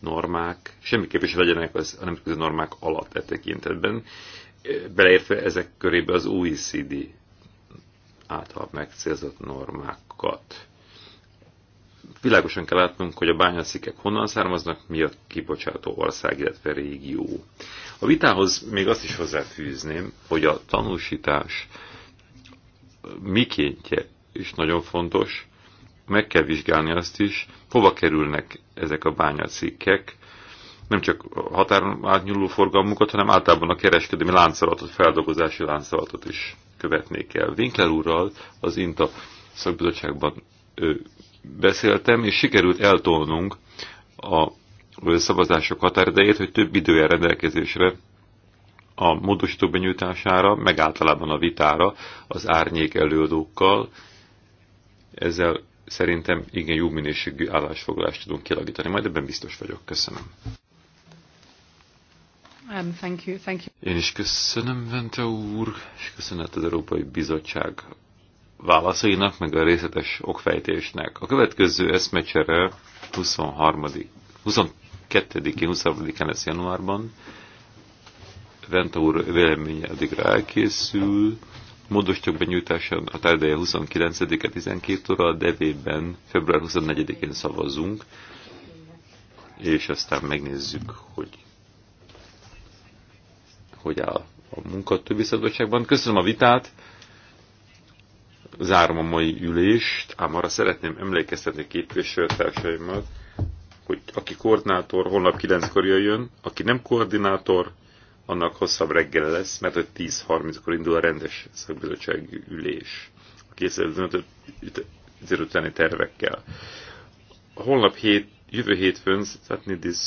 Speaker 2: normák semmiképp is legyenek az, a nemzetközi normák alatt e tekintetben, beleértve ezek körébe az OECD által megcélzott normákat. Világosan kell látnunk, hogy a bányaszikek honnan származnak, mi a kibocsátó ország, illetve régió. A vitához még azt is hozzáfűzném, hogy a tanúsítás mikéntje is nagyon fontos, meg kell vizsgálni azt is, hova kerülnek ezek a bányacikkek, nem csak határon átnyúló forgalmukat, hanem általában a kereskedelmi láncolatot, feldolgozási láncolatot is követni kell. Winkler úrral az INTA szakbizottságban beszéltem, és sikerült eltolnunk a szavazások határidejét, hogy több idője rendelkezésre a módosító benyújtására, meg általában a vitára az árnyék előadókkal. Ezzel szerintem igen jó minőségű állásfoglalást tudunk kialakítani. Majd ebben biztos vagyok. Köszönöm. Um, thank you, thank you. Én is köszönöm, Vente úr, és köszönet az Európai Bizottság válaszainak, meg a részletes okfejtésnek. A következő eszmecsere 23. 22-én, 23-án lesz januárban. Venta úr véleménye addigra elkészül módosítók benyújtása a tárgyalja 29-e 12 óra, a devében február 24-én szavazunk, és aztán megnézzük, hogy hogy áll a munka többi szabadságban. Köszönöm a vitát, zárom a mai ülést, ám arra szeretném emlékeztetni képviselőtársaimat, hogy aki koordinátor, holnap 9-kor jöjjön, aki nem koordinátor, annak hosszabb reggel lesz, mert hogy 10.30-kor indul a rendes szakbizottság ülés a 2015 utáni tervekkel. Holnap hét, jövő hétfőn Szatnidis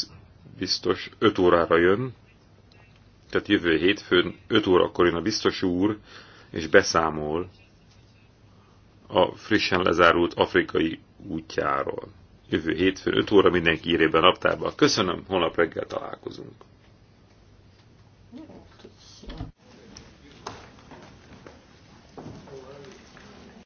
Speaker 2: biztos 5 órára jön, tehát jövő hétfőn 5 órakor jön a biztos úr, és beszámol a frissen lezárult afrikai útjáról. Jövő hétfőn 5 óra mindenki a naptárba. Köszönöm, holnap reggel találkozunk.